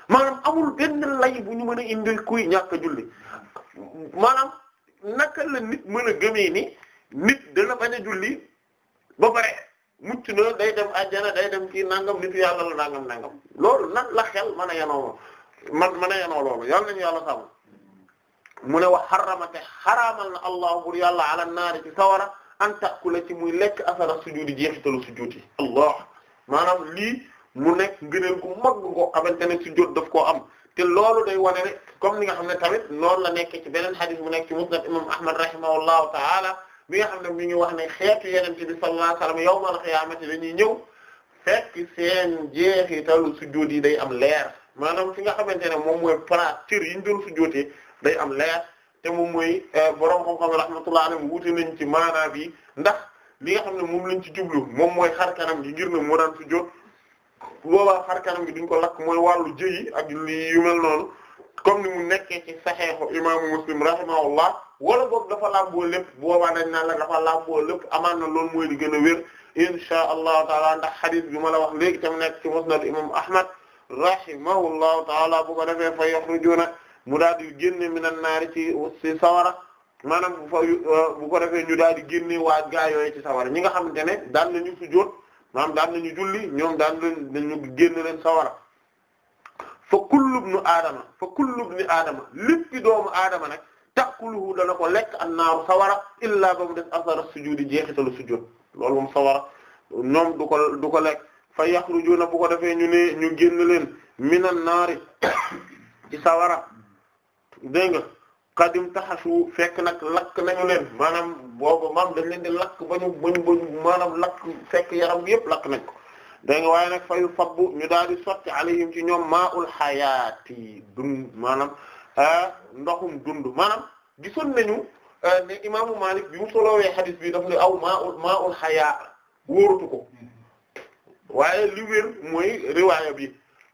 [SPEAKER 2] maanaam amul benn lay bu ñu mën a indil kuy ñàkk a julli maanaam naka la nit mën a gëmee ni nit dana bañ a julli ba pare mucc na day dem àjjana day dem kii nangam nitu yàlla la nangam nangam loolu nan la xel mën a yanoo man mën a yanoo loolu yàlla nañu yàlla sàmm mu ne wax xarama te xaraamal na allah bur yàlla ala naari ci sawara an takula ci muy lekk asara sujudi jeexitalu sujudi allah maanaam lii mu nekk ngëneel ku mag ko xamante ne sujud daf koo am te loolu day wane ne comme ni nga xam ne tamit noonu la nekkee ci beneen xadis mu nekk ci musnad imam ahmad rahimahullahu taala bi nga xam ne mi ngi wax ne xeetu yenente bi sallallahu alayhi wasallam yawmal qiyaamati dañuy ñëw fekk seen jeexitalu sujud yi day am leer maanaam fi nga xamante ne moom mooy plat cër yi ñu doon sujudee day am leer te moom mooy euh, borom xam-xam rahmatullahi alayhi wuute ñu ci maanaa bi ndax li nga xam ne moom lañ ci jublu moom mooy xar kanam gi ngir ne moo daan sujjóot boobaa xar kanam gi duñ ko lakk mooy wàllu jëyi ak li yu noonu comme ni mu nekkee ci saxeexu imaamu muslim rahimahullah wala boog dafa làmboo lépp boobaa dañ naan la dafa làmboo lépp amaan na loolu mooy di gën a wér insha allahu taala ndax xadis bi ma la wax léegi tam nekk ci musnad imam ahmad rahimahullahu taala ko defee fa mu daal di génne minan naari ci ci sawara maanaam bu fa euh, bu ko ñu daal di génne waa gaa yooyu ci sawara ñi nga xamante ne daan nañu sujjóot maanaam daan na ñu julli ñoom daan nañu génne leen sawara fa kullu ibnu aadama fa kullu ibni aadama léppi doomu aadama nag takuluhu dana ko lekk annaaru sawara illaa ba mu des asara sujuudi jeexitalu sujjóot loolu moom sawara ñoom du ko du ko lekk fa yaxrujuuna bu ko defee ñu ne ñu génn leen minan naari ci sawara dégg nga taxasu fekk nag lakk nañu leen maanaam boobu maam dañ leen di lakk ba ñu bañ bañ maanaam lakk fekk yaram bi yëpp lakk nañ ko dégg nga waaye nag fayu fabbu ñu daal di sotti alayhim ci ñoom maa ul xayaati dund maanaam ah, ndoxum dund maanaam gisoon nañu ah, ne imaamu Maalik bi mu solowee xadis bi daf ne aw maa ul maa ul xayaa wóorutu ko waaye li mooy riwaaya bi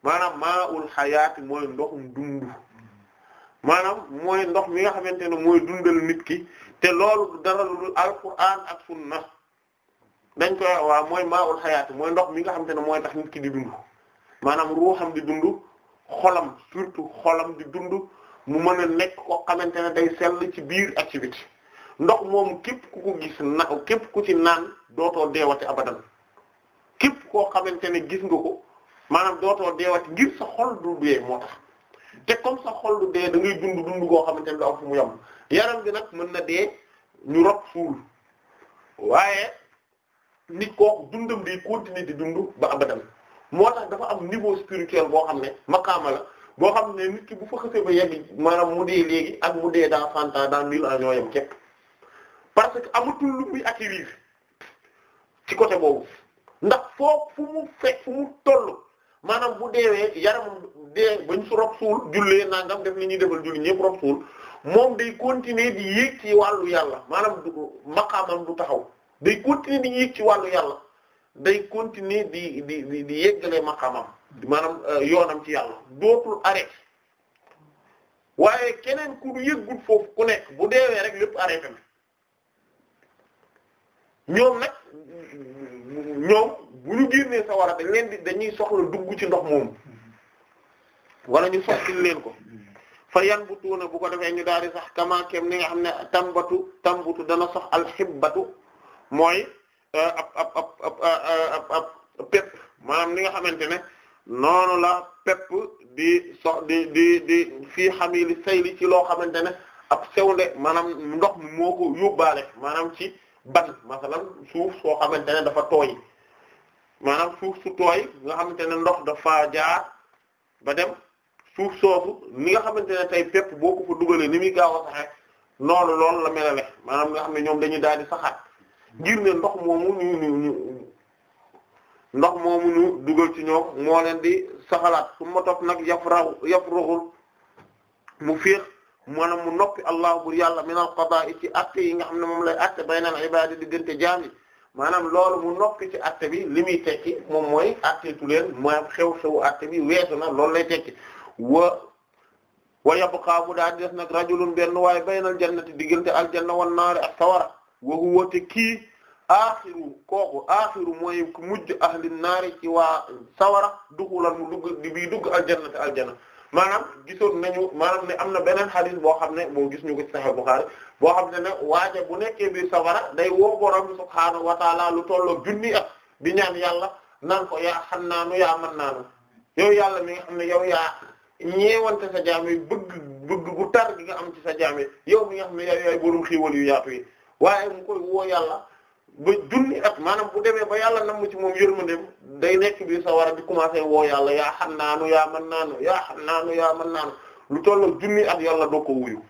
[SPEAKER 2] maanaam maa ul xayaati mooy ndoxum dund maanaam mooy ndox mi nga xamante ne mooy dundal nit ki te loolu dara lu al alquran ak sunna dañ koy waaw mooy maa'ul xayaat mooy ndox mi nga xamante ne mooy tax nit ki di dund maanaam ruuxam di dund xolam surtout xolam di dund mu mën a nekk koo xamante ne day sell ci biir ak ci biti ndox moomu képp ku ko gis na képp ku ci naan dootoo deewati abadan képp koo xamante ne gis nga ko maanaam dooto deewati ngir sa xol du dee moo tax te comme sa xol lu dee da ngay dund dund koo xamante ne am fu mu yem yaram gi nag mën na dee ñu rot suul waaye nit kooku dundam di continuer di dund ba abadan moo tax dafa am niveau spirituel boo xam ne makaama la boo xam ne nit ki bu fa xasee ba yegg maanaam mu dee léegi ak mu dee dans cent ans dans mille ans ñoo yem képp parce que amatul lu muy acquérir ci côté boobu ndax foo fu mu fekk fu mu toll maanaam bu deewee yaramam dee bañ su rob suul jullee nangam def li ñuy defal julli ñëpp rob suul moom day continuer di yéeg ci wàllu yàlla maanaam du maqaamam du taxaw day continuer di yéeg ci wàllu yàlla day continuer di di di di yéggale maqaamam maanaam euh, yoonam ci yàlla dootul arrêté waaye keneen ku yëggul foofu ku nekk bu deewee rek lépp arrêté na ñoom nag ñoom bu ñu génnee sawara dañ leen di dañuy soxla dugg ci ndox moomu wala ñu sotti leen ko fa yan bu tuuna bu ko defee ñu daal di sax kamaakeem ni nga xam ne tambatu tambatu dana sox alxibbatu mooy euh, ab ab ab euh, nga xamante ne noonu la pepp di sox di di di fii xamili sayli ci loo xamante ne ab sewnde maanaam ndox mi moo ko yóbbaale maanaam ci ban masalan suuf soo xamante ne dafa tooy maanaam suuf su tooy nga xamante ne ndox dafa jaar ba dem suuf soosu ni nga xamante ne tey pepp boo ko fa dugalee ni muy gaaw a saxee noonu loolu la melale maanaam nga xam ne ñoom dañuy daal di saxaat ngir ne ndox moomu ñu ñu ñu ndox moomu ñu dugal ci ñoom moo leen di saxalaat su ma nag yaf ra yaf roxul mu féex maanaam mu noppi allah bur yàlla min al qada'i ci acte yi nga xam ne moom lay a baynal ibadi diggante jaam yi maanaam loolu mu noppi ci atte bi li muy tekki moom mooy atteetu leen maanaam xew-xewu atte bi weesu na loolu lay tekki wa wa yabqa bu daal di def nag rajulun benn waaye baynal jannati diggante aljanna wan naari ak sawara wa huwa te kii aaxiru kooku aaxiru mooy ku mujj ahli naari ci waa sawara duxulan mu dugg di bii dugg aljannati aljanna maanaam gisoon nañu maanaam ne am na beneen xadis boo xam ne moo gis ñu ko ci Sahih Bukhari boo xam ne nag waaja bu nekkee biir safara day woo borom bi subhaanahu wa taala lu tolloo junni ak di ñaan yàlla naan ko yaa xannaanu yaa mannaanu yow yàlla mi nga xam ne yow yaa ñeewante sa jaam yi bëgg bu tar gi nga am ci sa jaam yow mi nga xam ne yow yaay borom yu yaatu yi waaye mu koy woo yàlla ba junni at maanaam bu demee ba yàlla nam ci moom yërmandeem day nekk biir safara di commencé woo yàlla yaa xannaanu yaa mannaanu yaa xannaanu yaa mannaanu lu tolloo junni at yàlla doo ko wuyu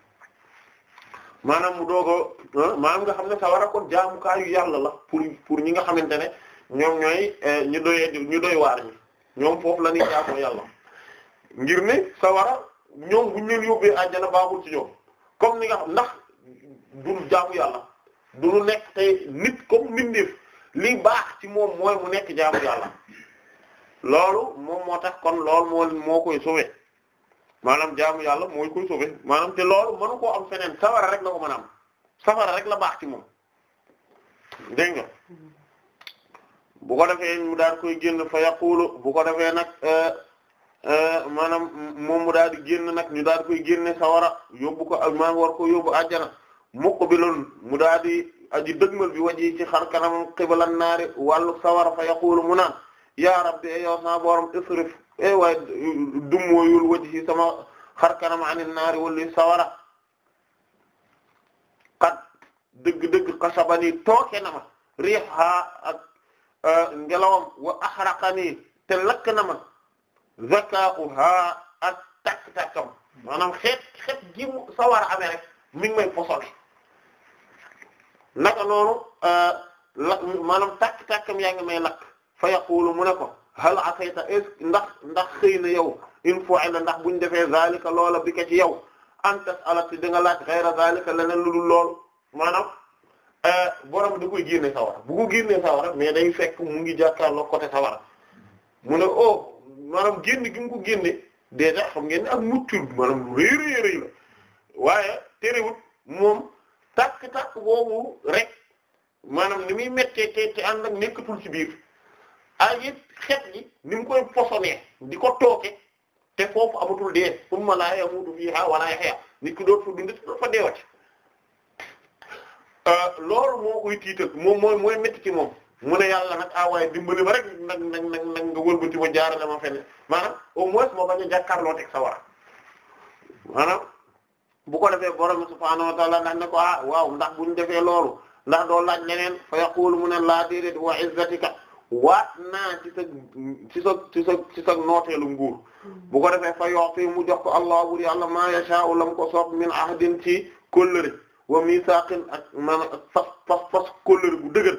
[SPEAKER 2] maanaam mu doog a ah, maanaam nga xam ne sawara kon jaamukaayu yàlla la pour pour ñi nga xamante ne ñoom ñooy eh, ñu doyee ñu doy waar ñi ñoom foofu la ñuy jaamoo yàlla ngir ne sawara ñoom buñ leen yóbbee àjjana baaxul ci ñoom comme ni nga xam ndax du jaamu yàlla du lu nekk tey nit comme mbindeef li baax ci moom mooy mu nekk jaamu yàlla loolu moom moo tax kon loolu moo moo koy sauver maanaam jaamu yàlla mooy koy sauver maanaam te loolu mënu koo am feneen safara rek la ko mën a rek la baax ci moom dégg nga bu ko defee mu daal koy génn fa yaqulu bu ko defee nag eh, eh, maanaam moom daal di génn nag ñu daal koy génne sawara yóbbu ko maa war ko yóbbu àjjana muqbilun mu daal di aji dëgmal bi waji xar kanam qibalan naari wàllu sawara fa yaqulu mu naan yaa rabbi yow sa borom isrif e waaye dummóoyul wajhi sama xar kanam anin naari wala sawara kat dëgg-dëgg xasabani tooke na ma riha ak e, ngelawam wa axraqani te lakk na ma zakauha ak takk-takkam maanaam xeet xeet gi mu sawara amee rek mi ngi may posone naka noonu e, la maanaam takk-takkam yaa ngi may lakk fa yaqulu mu ne ko hal asayta est ndax ndax xëy na yow in fa'ala ndax buñ defee zalika loola bi ka ci yow an tas'ala da nga laaj ghayra ne leneen lu dul lool maanaam euh, borom da koy génne sawara bu ko génnee sawara mais day fekk mu ngi jàkkaarloo côté sawara mu ne oh maanaam génn gi mu ko génne déjà xam ngeen ne ak muccul maanaam lu rëy rëy rëy la waaye terewut moom tàkk-tàkk boobu rek maanaam ni muy méttee te te ànd ak nekkatul ci biir ak it xet yi ni mu koy posonee di ko tooke te foofu amatul dee summa laa yamuutu fiihaa wa laa yahyaa nit ki doot fa dund doot fa deewati euh, loolu moo koy tiital moo mooy mooy métti ci moom mu ne yàlla na ah waaye dimbali ma rek nag nag nag nag nga wëlbati ma jaarale ma fenn maanaam au moins moo bañ a jàkkaarloo teg sa war maanaam bu ko defee borom subhaanahu wa ne ko ah waaw ndax buñ defee loolu ndax doo laaj leneen fa yaqulu mu ne laa déedéet wa izzatika waat naa ci sa ci sa ci sa ci sa nooteelu nguur bu ko defee fa yoxti mu jox ko allah bur yàlla maa yasha'u lam ko soob min ahdin ci kóllëre wa misaqin ak maanaam ak fas fas fas kóllëre bu dëgër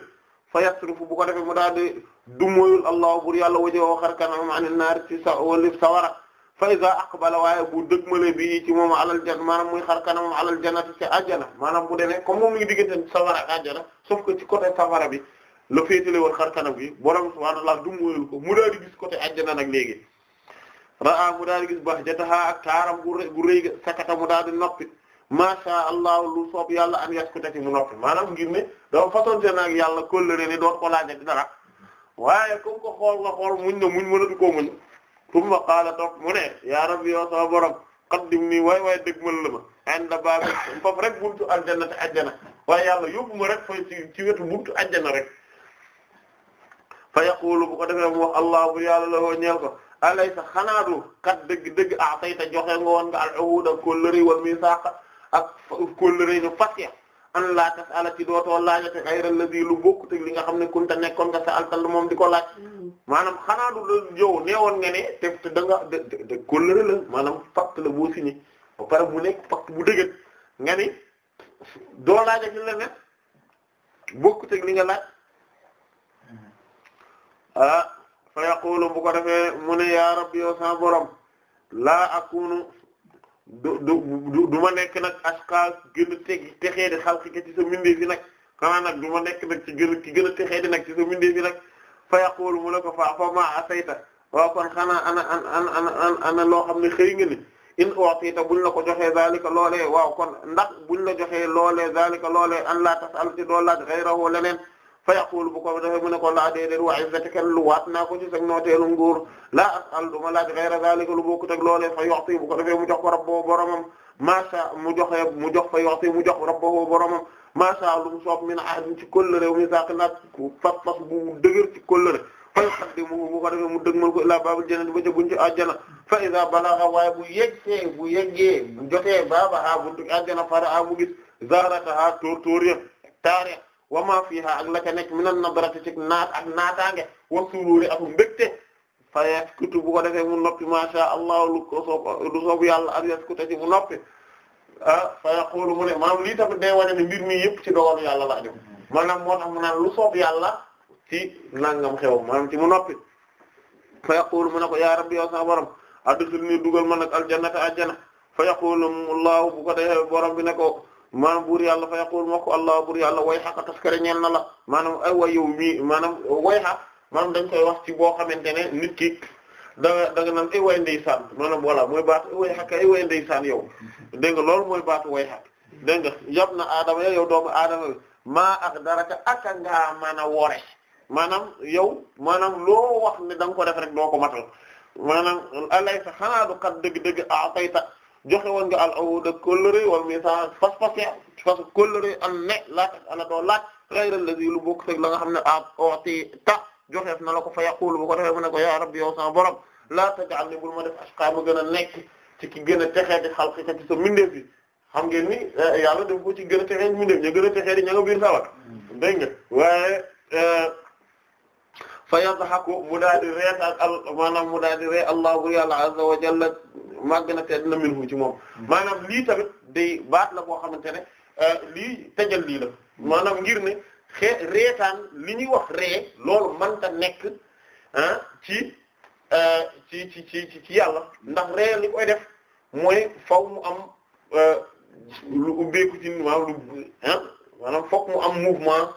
[SPEAKER 2] fa yasrufu bu ko defee mu daal di dumoyul allah bur yàlla wajoo xarkanam anil naar ci sa walif sawara fa iza aqbala waaye bu dëgmale bi ci moom alal jan maanaam muy xarkanam alal jannati ci ajjana maanaam bu demee comme moom mi ngi diggante sawara ak ajjana sauf que ci côté sawara bi la féetale woon xar kanam gi borom subhaanahu wa ta'aala du muyul ko mu daal di gis côté àjjana nag léegi raa mu daal di gis bahjataha ak taaram gu rëy ga sakata mu daal di noppi maasha allah lu soob yàlla am yaskuta ci mu noppi maanaam ngir ne dafa façonte naag yàlla kóllëre ne doon ko laajati dara waaye comme ko xool nga xool muñ na muñ mënatu koo muñ tumma qaala toog mu ne yaa rabbi yow sama borom qaddim nii waay waay dëgg mën la ma anda baabi foofu rek buntu aljanna te ajjana waaye yàlla yóbbu ma ci wetu buntu ajjana fa yaqulu bu ko defee mu wax allah bu yàlla la woo ñeel ko alaysa xanaa du kat dëgg dëgg atayta joxe nga woon nga al-uhuda kóllëre wal misaaq ak kóllëre ñu fas ya an laa a ci dootoo laajate ghayra alladhi lu bokk te li nga xam ne ta nekkoon nga sa altal moom di ko laaj hmm. maanaam xanaa du yow neewoon nga ne te te da nga de kóllëre la la boo signé ba pare mu nekk pacte bu dëggat nga ni doo laajate leneen bokk te li nga laaj. ah fa yaqulu bu ko defee mu ne yaa rabbi yow sa borom laa akunu du du du ma nekk nag ashqa gën a teg texee di xalqika ci sa mbindeef yi nag xanaa nag du ma nekk nag ci gën a ci gën a texee di nag ci sa mbindeef yi nag fa yaqulu mu la ko fa fa ma asayta waaw kon xanaa ana ana ana ana ana loo xam ne xëy nga ni in u'tita buñ la ko joxee zalika loolee waaw kon ndax buñ la joxee loolee zalika loolee an la tasal ci dool laaj ghayrahu leneen fa yaqulu bu ko defee mu ne ko laa déedéet wa izzatika lu waat naa ko ci sag nooteelu nguur laa as'al du ma laaj ghayra zalika lu bokkut ak loolee fa yu'ti bu ko defee mu jox ko rabbo boromam macha mu joxe mu jox fa yu'ti mu jox rabbo boromam macha allah mu soob min ahdin ci kóllëre mu saaq naat fas fas bu dëgër ci kóllëre fa yuqaddimuhu bu ko defee mu dëgmal ko ilaa baabul jannati ba ca buntu àjjana fa iza balagha waaye bu yegsee bu yeggee bu jotee baaba ha buntu àjjana fara a mu gis zarataha tóor tóor ya taare wa ma fiha ak la ca nekk minan nadrati ci naat ak naataange wa sururi ak mbégte fa yaskutu bu ko defee mu noppi ma sha Allah lu soob lu soob yàlla ak yaskutu ci mu noppi ah fa yaqulu mu ne maanaam lii tamit day mbir mi yëpp ci dogal yàlla la aju maanaam moo tax mu naan lu soob yàlla ci nangam xewam maanaam ci mu noppi fa yaqulu mu ne ko ya rabbi yow sama borom adkhilni dugal ma nag aljannata aljanna fa yaqulu Allahu bu ko defee borom bi na ko maanaam buur yàlla fa yaqul ma ko allah buur yàlla way xaq taskare ñeel na la maanaam ay wa yow mii maanaam way xaq maanaam dañ koy wax ci boo xamante ne nit ki da nga da nga naan ay way ndeysaan maanaam voilà mooy baatu ay way xaq ay way ndeysaan yow dégg nga loolu mooy baatu way xaq dégg nga yab na aadama yow doomu aadama bi maa ak daraka aka ngaa mën a wore maanaam yow maanaam loo wax ne da ko def rek doo ko matal maanaam alaysa xanaa du kat dëgg-dëgg atayta joxe woon nga al awud ak kóllëre wal misaaq fas fas ya fas kóllëre an ne laaj ana doo laaj ghayra allazi lu bokk teg nga xam ne a ooti ta joxeef na la ko fa yaqulu bu ko a mu ne ko ya rabbi yow sama borom laa taj'alni bul ma def ashqa ma gën a nekk ci ki gën a texee di xalqika ci sa mindeef bi xam ngeen ni eh, yàlla daf ko ci gën a texee mindeef ña gën a texee di biir sawat mm. dégg waaye eh, fa yadhaku mu daal di ree al maanaam mu daal di ree allah bu yàlla azza wa jalla màgg na tedd na minhu ci moom hmm. maanaam lii tamit day baat la boo xamante ne euh, lii tëjal lii la hmm. maanaam ngir ne xee reetaan li ñuy wax ree loolu mënta nekk ah ci ci ci ci ci yàlla ndax ree li koy def mooy faw mu am euh, lu ubbeeku ci maanaam lu ah maanaam fokk mu am mouvement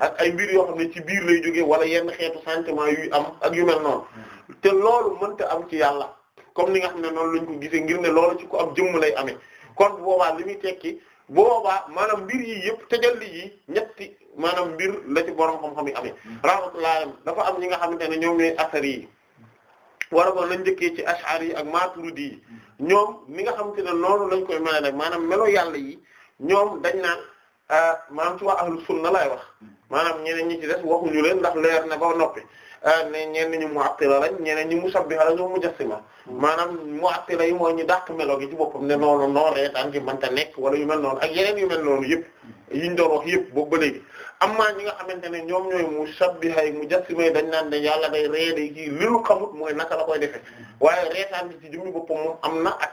[SPEAKER 2] ak ay mbir yoo xam ne ci biir lay jóge wala yenn xeetu sentiment yu am ak yu mel noonu mm-hmm. te loolu mënta am ci yàlla comme ni nga xam ne noonu lañ ko gisee ngir ne loolu ci ko am jëmm lay amee kon boobaa li muy tekki boobaa maanaam mbir yi yëpp tajalli yi ñetti maanaam mbir la borom xam-xam yi amee mm-hmm. rahmatullahi dafa am ñi nga xamante ne ñoom ñooy asari yi wara boon lañ njëkkee ci ash'ari yi ak maturidi yi mm-hmm. ñoom ni nga xamante ne noonu lañ koy mel maanaam melo yàlla yi ñoom dañ naan Ah, maanaam ci waa ahlu sunna laay wax maanaam ñeneen ñi ci des waxuñu leen ndax leer na ba noppi ah, ne ñenn ñi mu'attila lañ ñeneen ñi musabbiha lañ mujassima hmm. maanaam mu'attila yi mooy ñu dàq melo gi ci boppam ne noonu noonu reetaan gi mënta nekk wala yu mel noonu ak yeneen yu mel noonu yëpp yiñ doon wax yëpp boobu ba léegi amma ñi nga xamante ne ñoom ñooy musabbiha mu mujassima yi dañ naan ne yàlla day reede kii li lu xamut mooy naka la koy defee waaye reetaan gi ci jëmmi boppam moom am na ak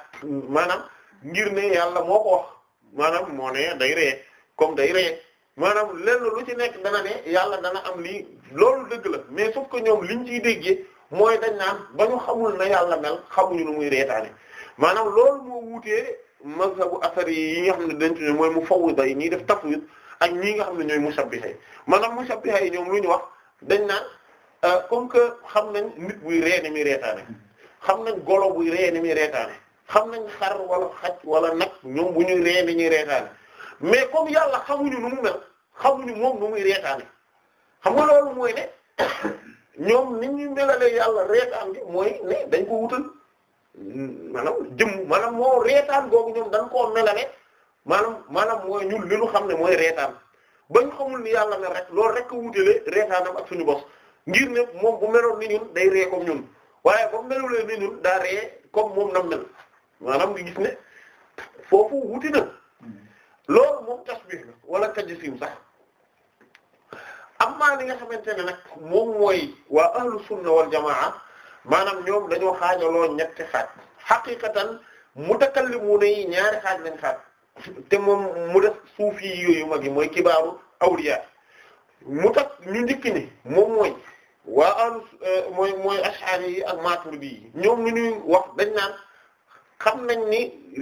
[SPEAKER 2] maanaam ngir ne yàlla moo ko wax maanaam moo ne comme day ree maanaam lenn lu ci nekk dana ne yàlla dana am lii loolu dëgg la mais sauf que ñoom liñ ciy déggee mooy dañ naan ba ñu xamul na yàlla mel xamuñu nu muy reetaane maanaam loolu moo wuutee bu asari yi nga xam ne dañ ci ne mooy mu fawwida yi ñiy def tafwid ak ñii nga xam ne ñooy mushabbiha yi maanaam mushabbiha yi ñoom lu ñu wax dañ naan euh, comme que xam nañ nit buy ree ni muy reetaane xam nañ golo buy ree ni muy reetaane xam nañ xar wala xaj wala nag ñoom bu ñuy ree ni ñuy reetaane mais comme yàlla xamuñu nu mu mel xamuñu moom nu muy xam nga loolu mooy ne ñoom ni ñu melalee yàlla reetaan gi mooy ne dañ ko wutal maanaam jëmm maanaam moo reetaan googu ñoom dañ koo melale maanaam maanaam mooy ñun li ñu xam ne mooy reetaan bañ xamul ni yàlla mel rek loolu rek a wutale reetaanam ak suñu bos ngir ne moom bu meloon ni ñun day ree comme ñun waaye ba mu melulee ni ñun daa ree comme moom nam mel maanaam nga gis ne foofu wuti loolu moom tasbih la wala tajsim sax amma li nga xamante ne nag moom mooy waa ahlu sunna wal jamaa maanaam ñoom dañoo xaajaloo ñetti xaaj xaqiqatan mutakallimuna yi ñaari xaaj lañ xaaj te moom mu def suufi yooyu mag yi mooy kibaaru awliya mu tax ñu njëkk ni moom mooy waa ahlu mooy mooy ash'ari yi ak maturidi yi ñoom ñu ñuy wax dañ naan xam nañ ni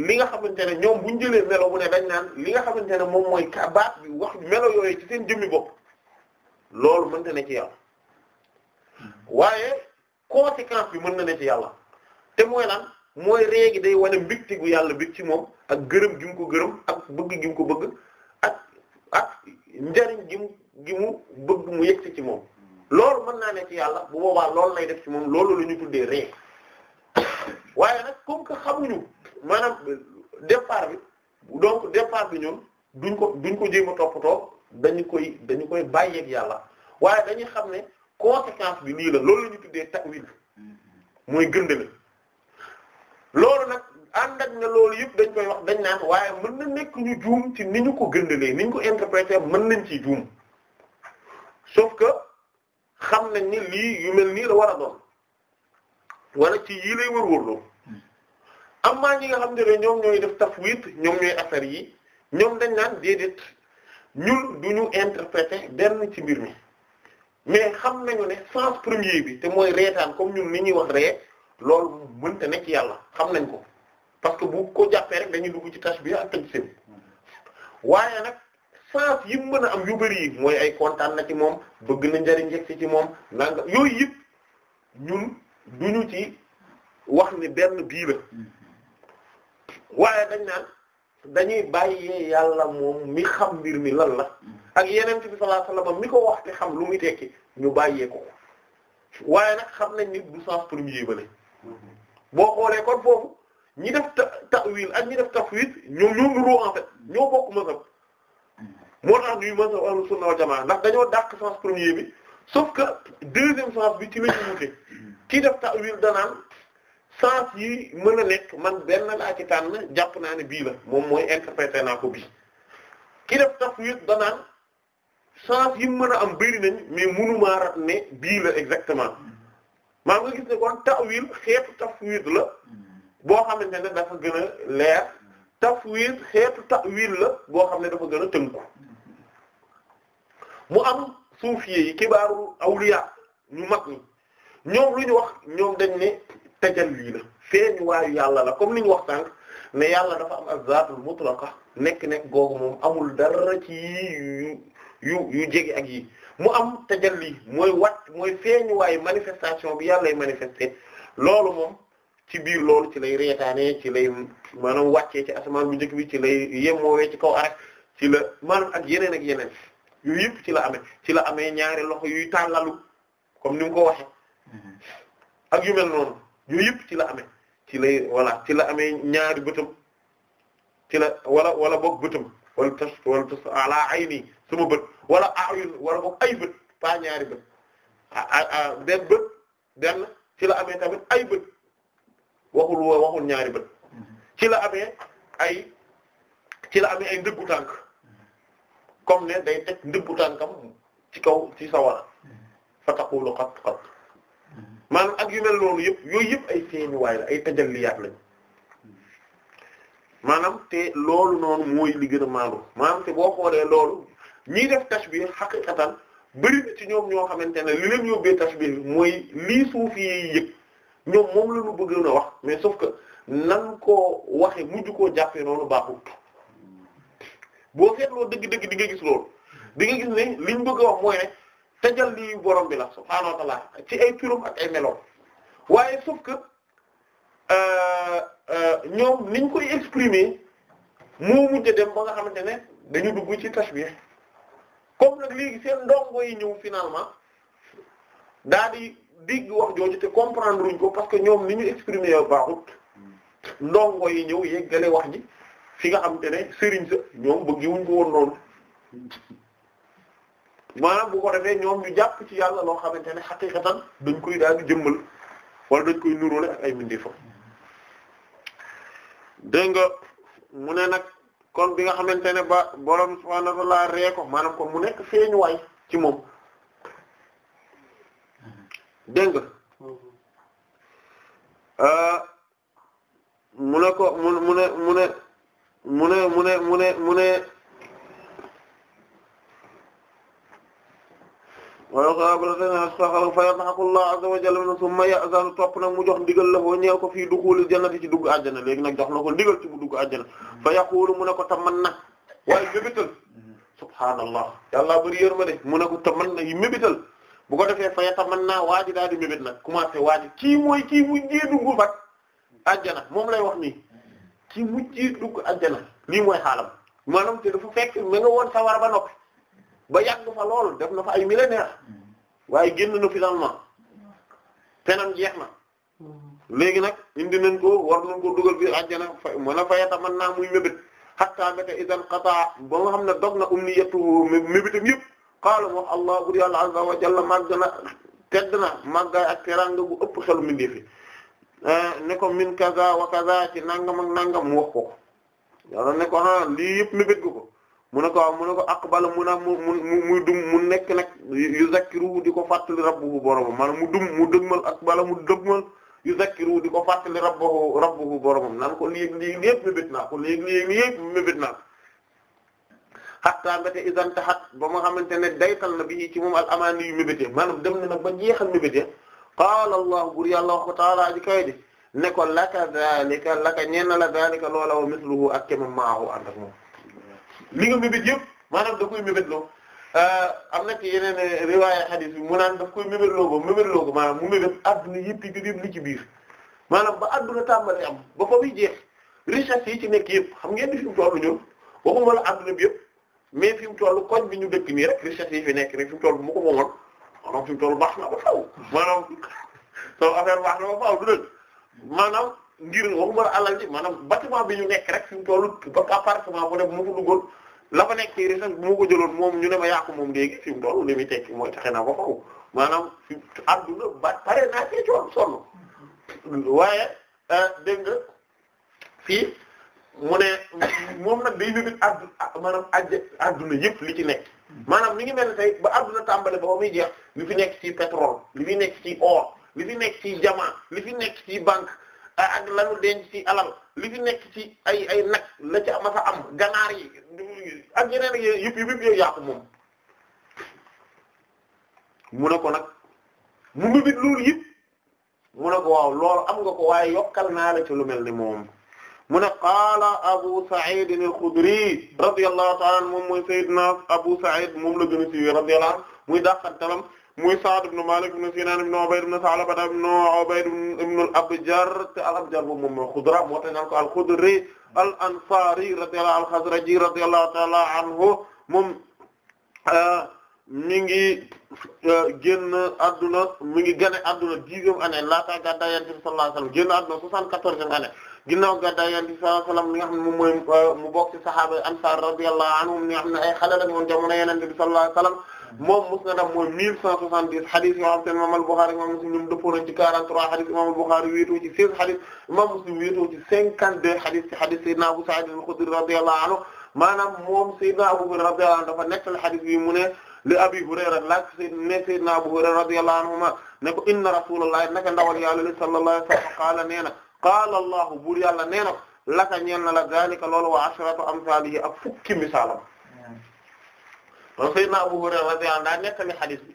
[SPEAKER 2] li nga xamante ne ñoom bu ñu jëlee melo bu ne dañ naan li nga xamante ne moom mooy kabaat bi wax melo yooyu ci seen jëmmi bopp loolu mënta ne ci yàlla waaye conséquence bi mën na ne ci yàlla te mooy lan mooy réegi day wane mbégte yàlla bég ci moom ak gërëm gi mu ko gërëm ak bëgg gi mu ko bëgg ak ak njariñ gi mu gi mu bëgg mu yegg ci moom loolu mën naa ne ci yàlla bu boobaa loolu nay def ci moom loolu la ñu tuddee réeg waaye nag comme que xamuñu maanaam départ bi donc départ bi ñoom duñ ko duñ ko jéem a toppatoo dañu koy dañu koy bàyyeek yàlla waaye dañuy xam ne conséquence bi lii la loolu la ñu tuddee takwil mooy gënd la loolu nag ànd ak ne loolu yëpp dañ koy wax dañ naan waaye mën na nekk ñu juum ci ni ñu ko gëndalee ni ñu ko interpréter mën nañ ci juum sauf que xam nañ ni lii yu mel nii la war a doon wala ci yii lay wër-wërloo hmm. am maa ñi nga xam ne ñoom ñooy def tafwid ñoom ñooy affaire yi ñoom dañ naan déedéet ñun du ñu interpréter benn ci mbir mi mais xam nañu ne sens premier bi te mooy reetaan comme ñun ni ñuy wax ree loolu mënta ci yàlla xam nañ ko parce que bu ko jàppee rek dañuy dugg ci tâche bi ak tëj seen hmm. waaye nag sens yi mu mën a am yu bëri yi mooy ay kontaan na ci moom bëgg na njariñ yegg ci moom nanga yooyu yëpp ñun. duñu ci wax ni benn bii la waaye dañ naan dañuy bàyyee yàlla moom mi xam mbir mi lan la ak yeneen bi sallallahu alayhi mi ko wax te xam lu muy tekki ñu bàyyee ko waaye nag xam nañ ni du sens premier ba boo xoolee kon foofu ñi def ta ta'wil ak ñi def tafwid ñoom ñoo nuroo en fait ñoo bokk mazhab moo tax ñuy mazhab ahlus sunna wal jamaa ndax dañoo dàq sens premier bi sauf que deuxième sens bi ci la ñu wute kii def ta'wil danaan sens yi mën a nekk man benn laa ci tànn jàpp naa ne bii moom mooy interprété naa ko bii kii def tafwid danaan sens yi mën a am bëri nañ mais mënumaa rat ne bii exactement maa nga gis ne kon ta'wil xeetu tafwid la boo xamante ne dafa gën a leer tafwid xeetu ta'wil la boo xam ne dafa gën a tënku mu am suufiye yi kibaaru awliya ñu mag ñi ñoom lu ñu wax ñoom dañ ne tajalli la feeñ waayu yàlla la comme li ñu wax sànq ne yàlla dafa am az-zaatul mutlaqa nekk-nekk googu moom amul dara ci yu yu yu jege ak yi mu am tajalli mooy wat mooy feeñ waayu manifestation bi yàlla lay manifester loolu moom ci biir loolu ci lay reetaanee ci lay maanaam wàccee ci asamaan mu njëkk bi ci lay yemmoowee ci kaw arak ci la maanaam ak yeneen ak yeneen yooyu yëpp ci la amee ci la amee ñaari loxo yuy tàllalu comme ni mu ko waxee ak yu mel noonu yooyu yëpp ci la amee ci lay ci la amee ñaari bëtam ci la wala wala boog bëtam wala tas wala tas ala ay nii sama bët wala ayun wala boog ay bët pas ñaari bët ah benn bët benn ci la amee tamit ay bët waxul waxul ñaari bët ci la amee ay ci la amee ay ndëggu tànk comme ne day teg ndëggu tànkam ci kaw ci sawara fa taqulu qat qat maanaam ak yu mel noonu yëpp yooyu yëpp ay feeñuwaay la ay tajalliyaat lañ maanaam te loolu noonu mooy li gën a maandu maanaam te boo xoolee loolu ñiy def tashbih haqiqatan bëri na ci ñoom ñoo xamante ne li leen yóbbee tashbih mooy lii suufi yi yëpp ñoom moom la bëgg na wax mais sauf que nan koo waxe mujj koo jàppee noonu baaxut boo seetloo dëgg-dëgg di nga gis loolu di nga gis ne liñ bëgg a wax mooy ne tajalli yu borom bi la subhaanahu wa ta'ala ci ay turam ak ay meloom waaye sauf que euh, euh, ñoom niñ koy exprimer moo mujj dem ba nga xamante ne dañu dugg ci tashbih comme nag léegi seen ndongo yi ñëw finalement daa di digg wax jooju te comprendre wuñ ko parce que ñoom ni ñu exprimer yow baaxut ndongo yi ñëw yeggale wax ji fi nga xamante ne sëriñ sa ñoom bëgg wuñ ko noonu maanaam bu ko defee ñoom ñu jàpp ci yàlla loo xamante ne xaqiqatan dañ koy daal di jëmmal wala dañ koy nuróole ak ay mbindeefam dégg nga mu ne nag kon bi nga xamante ne ba borom subhaanahu wa ta'aala ree ko maanaam ko mu nekk way ci moom dégg nga euh, mu ne ko mu mu ne mu ne mu ne mu ne mu ne wala xaabalaten saxal fa yadhaku Allah azza wa jalla thumma ya'zanu topp nag mu jox ndigal la foo ñeew ko fii duxuulil jannati ci dugg àjjana léegi nag jox na ko ndigal ci bu dugg àjjana fa yaqulu mu ne ko tamanna waaye mébital subhaanallah yàllaa bëri yér ma de mu ne ko tamanna yi mébital bu ko defee fa yatamanna waa ji daal di mébét nag commencé waa ji kii mooy kii mujjee dugg fat àjjana moom lay wax nii kii mujjee dugg àjjana lii mooy xaalam maanaam te dafa fekk ma nga woon sawar ba noppi ba yàgg fa lool def na fa ay millénaire mm. waaye génn na finalement penam jeex na léegi nag indi nan ko war nañ ko dugal bi àjjana fa mën a fayata man naa muy mébét hatta meta idan qataa ba nga xam ne dog na umniyatu mébétam yëpp qaala wax allah bur yàlla azza wa jalla màgg na tedd na màggaay ak teranga bu ëpp xelu mindie fi eh, ne ko min kaza wa kaza ci nangam ak nangam mu ko ko yàlla ne ko a ah, lii yëpp mébét gu ko mu ne ko mu ne ko aqbala mu naam mu mu dum mu nekk nag yuzakkiru di ko fàttali rabbuhu boromam maanaam mu dum mu dëgmal aqbala mu dëgmal yuzakkiru di ko fàttali rabbuhu rabbuhu boromam naan ko léegi léegi lépp mébét naa ko léegi léegi lépp mébét naa ko hatta mbéte isan taxat ba ma xamante ne daytal na bi ci moom al amaani yu mébétee maanaam dem na nag ba jeexal mébétee qaala allah bur yàlla wax ko taala kayi di ne ko laka zalika laka ñeen la zalika loola wa misluhu ak kemam maahu ànd ak moom li nga mébét yëpp maanaam da koy mébétloo euh, am na ci yeneen riwaaya hadith bi mu naan daf koy mébétloo ko mébétloo ko maanaam mu mébét adduna yëpp yi biir li ci biir maanaam ba adduna tàmbali am ba fa muy jeex richesse yi ci nekk yëpp xam ngeen ni fi mu tollu ñun waxuma adduna bi yëpp mais fi mu tollu koñ bi ñu dëkk nii rek richesse yi fi nekk rek fi mu bu mu ko moomoon maanaam fi mu tollu baax na ba faaw maanaam soo affaire baax na ba faaw du dëgg maanaam ngir waxuma la alal ji maanaam bâtiment bi ñu nekk rek fi mu tollu ba appartement bu ne bu ma ko duggoon la fa nekk ci région bu ma ko jëloon moom ñu ne ma yaa ko moom léegi fi mu tollu li muy tekki mooy taxe naa ba faaw maanaam fi àdduna ba pare naa cee coon waaye euh, dégg nga fii mu ne moom nag day bibit addu adduna yëpp li ci nekk maanaam li ngi mel ne tey ba adduna tàmbale ba ba muy jeex li fi nekk ci pétrole li fi nekk ci or li fi nekk ci diamant li fi nekk ci banque ak lanu ci alal li fi nekk ci ay ay nag la ca ma am ganaar yi yeneen ak yëpp yëpp yëpp yaa ko moom mu ne ko nag mu ngi bit loolu yëpp mu ne ko waaw loolu am nga ko waaye yokkal naa la ci lu mel ni moom mu ne qaala Abu Sa'id al-Khudri radiyallahu ta'ala moom mooy Sayyidna Abu Sa'id moom la gën a siiwee radiyallahu muy dàqantalam mu Sa'd ibn Malik ibn Sinan ibn Ubayd ibn Sa'laba ibn Ubayd ibn al-Abjar te al-Abjar moom mooy Xudra moo tax naan ko al-Xudri al-Ansari radiyallahu al-Xazraji radiyallahu ta'ala anhu moom euh, mi ngi euh, génn adduna mi ngi gane adduna dixième année laata gàddaay Yonent bi sallallahu alayhi wasallam génn adduna soixante-quatorzième année ginnaaw gàddaay Yonent bi sallallahu alayhi wasallam mi nga xam ne moom mooy euh, mu bokk ci sahaaba Ansaar radiyallahu anhum mi nga xam ne ay xale lañu woon jamono Yonent bi sallallahu alayhi moom musnadam mooy mille cent soixante-dix hadith yoo xam te imam al-Bukhari imam Muslim ñoom dëppoo nañ ci quarante hadith imam al-Bukhari wéetoo ci seize hadith imam Muslim wéetoo ci cinquante-deux hadith ci hadith Abu Sa'id al-Khudri radiyallahu anhu maanaam moom Sayyidina Abu Hurayra radiyallahu anhu dafa nekkal hadith bi mu ne li Abi Hurayra laaj ne Sayyidina Abu Hurayra radiyallahu anhuma ne ko inna rasulullahi naka ndawal yàlla li sallallahu alayhi wa sallam qaala nee na qaala Allahu buur yàlla nee na laka ñeel na la zalika loolu wa ashratu amsalihi kon Seydina Abu Hurayra radiyallahu anhu daa nettali xadis bi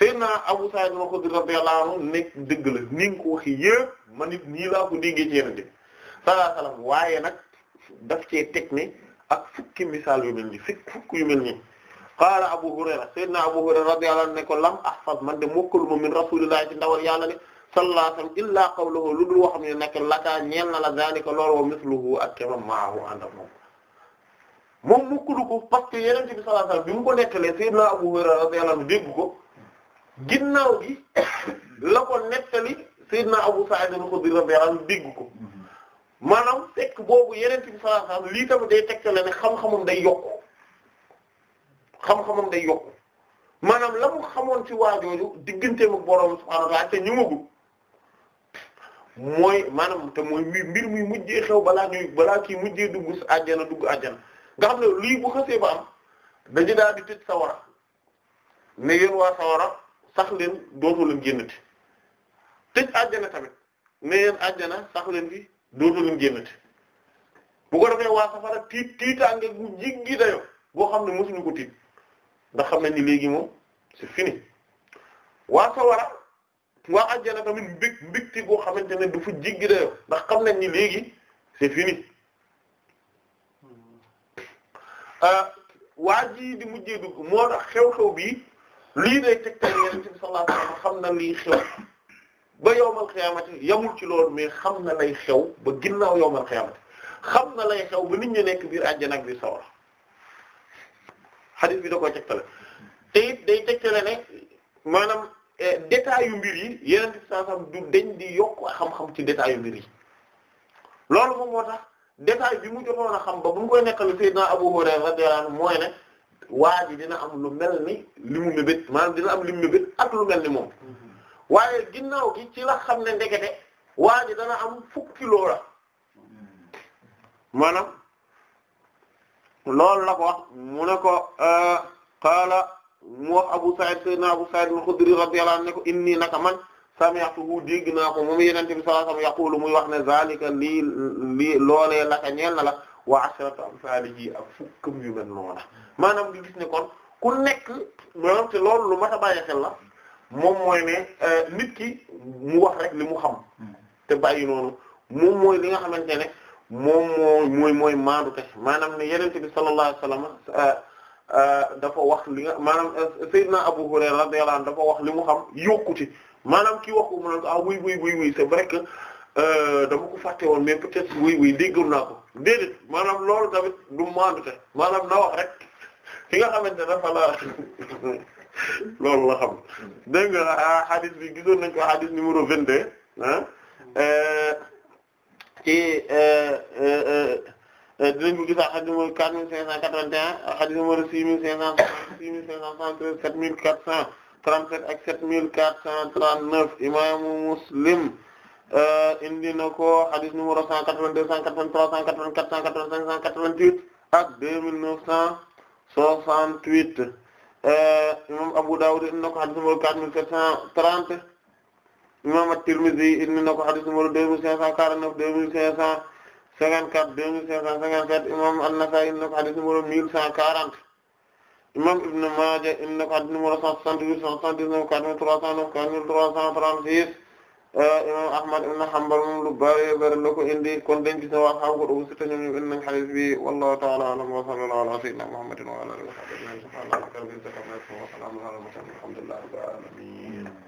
[SPEAKER 2] Seydina Abu Sa'id al-Khudri radiyallahu anhu nekk dëgg la ni nga ko waxe yëpp man it nii laa ko déggee ci yenente bi sallallahu alayhi wasallam waaye nag daf cee teg ne ak fukki misaal yu mel ni fukk fukk yu mel ni qaala Abu Hurayra Seydina Abu Hurayra radiyallahu anhu ne ko lam ahfaz man de mokkaluma min rasulillahi ci ndawal yàlla ne sallallahu alayhi wasallam illaa qawluhu lu dul waxam ne nekk lakaa ñeel na la zalika loolu wa misluhu ak kema maahu ànd ak moom moom mu kudd ko parce que yeneen bi sallallahu alayhi bi mu ko nettalee Sayyidina Abu Hurayra radiyallahu anhu dégg ko ginnaaw gi la ko nettali Sayyidina Abu Sa'id al-Khudri radiyallahu anhu dégg ko maanaam fekk boobu yeneen bi sallallahu alayhi wasallam lii tamit day tegtale ne xam-xamam day yokk xam-xamam day yokk maanaam la mu xamoon ci waajooju digganteem ak borom subhaanahu wa ta'ala te ñëwagul mooy maanaam te mooy mbir muy mujjee xew balaa ñuy balaa kii mujjee dugg àjjana dugg àjjana. nga xam ne lii bu xasee ba am dañu daal di tëj sawara ne waa sawara sax leen dootu leen génnati tëj àjjana tamit ne yéen àjjana sax leen fi dootu leen génnati bu ko defee waa safara tiit tiitaange gu jiggi dayo boo xam ne mosuñu ko tiit ndax xam nañ ni léegi moom c'est fini waa sawara waa àjjana tamit mbég mbégte boo xamante ne du fa jiggi dayo ndax xam nañ ni léegi c'est fini Euh, waa ji di mujjee dugg moo tax xew-xew bi lii day tegtal Yonent bi sallallahu alayhi wasallam xam na lii xew ba yowmal xiyaamati yamul ci loolu mais xam na lay xew ba ginnaaw yowmal xiyaamati xam na lay xew ba nit ñi nekk biir àjjana nag biir sawar xadis bi da koo tegtale te it day tegtale ne maanaam eh, détail yu mbir yi Yonent bi sallallahu di yokk xam-xam ci détail yu mbir yi loolu moom moo tax. détail bi mu jotoon a xam ba bu mu koy nekkal Seydina Abu Hurayra radiyallahu anhu mooy ne waa ji dina am lu mel ni li mu mébét maanaam dina am li mu mébét ak lu mel ni moom waaye ginnaaw gi ci la xam ne ndekete waa ji dana am fukki loo la maanaam loolu la ko wax mu ne ko qaala mu wax Abu Sa'id Seydina Abu Sa'id al-Khudri radiyallahu anhu ne ko inni naka man sami'tuhu dégg naa ko moom yeneen yonent bi sallallahu alayhi wasallam yaqulu muy wax ne zalika lii lii loolee laka ñeel na la wa ashratu amsalihi ak fukkam yu mel noonu maanaam nga gis ne kon ku nekk maanaam te loolu lu mat a bàyyi xel la moom mooy ne euh, nit ki mu wax rek li mu xam te bàyyi noonu moom mooy li nga xamante ne moom moo mooy mooy maandu te maanaam ne yonent bi sallallahu alayhi wasallam euh, euh, dafa wax li nga maanaam Seydina Abu Hurayra radiyallahu anhu dafa wax li mu xam yokku maanaam kii wax ko mu naan ko ah oui oui oui oui c'est vrai que euh, dama ko fàtte woon mais peut-être oui oui déggoon naa ko déedéet maanaam loolu tamit du maandute maanaam na wax rek ki nga xamante ne dafa la loolu xam dégg nga ah, hadith bi gisoon nañ ko hadith numéro 22 ah euh, ci euh, dinañ ko gis à ah, hadith numéro 4581 ah, hadith numéro 6500 6500 7400 37 ak 7439 imaamu Muslim uh, indi na ko hadis numéro 182 183 184 185 188 ak 2968 uh, imam Abu Dawud indi na ko hadis numéro 4730 imam At-Tirmidhi indi na ko hadis numéro 2549 2554 2557 imam An-Nasa'i indi na ko hadis numéro 1140 imam Ibn Maaja in na ko hadith numéro 178 179 4309 4336 imam Ahmad ibn Hanbal moom lu bari bari la ko indi kon dañ gis ko dugg si te ñoom ñu indi nañu hadith bi wallahu ta'ala a'lam wa sallallahu ala sayyidina Muhammadin wa ala alihi wa sahbihi wa alamin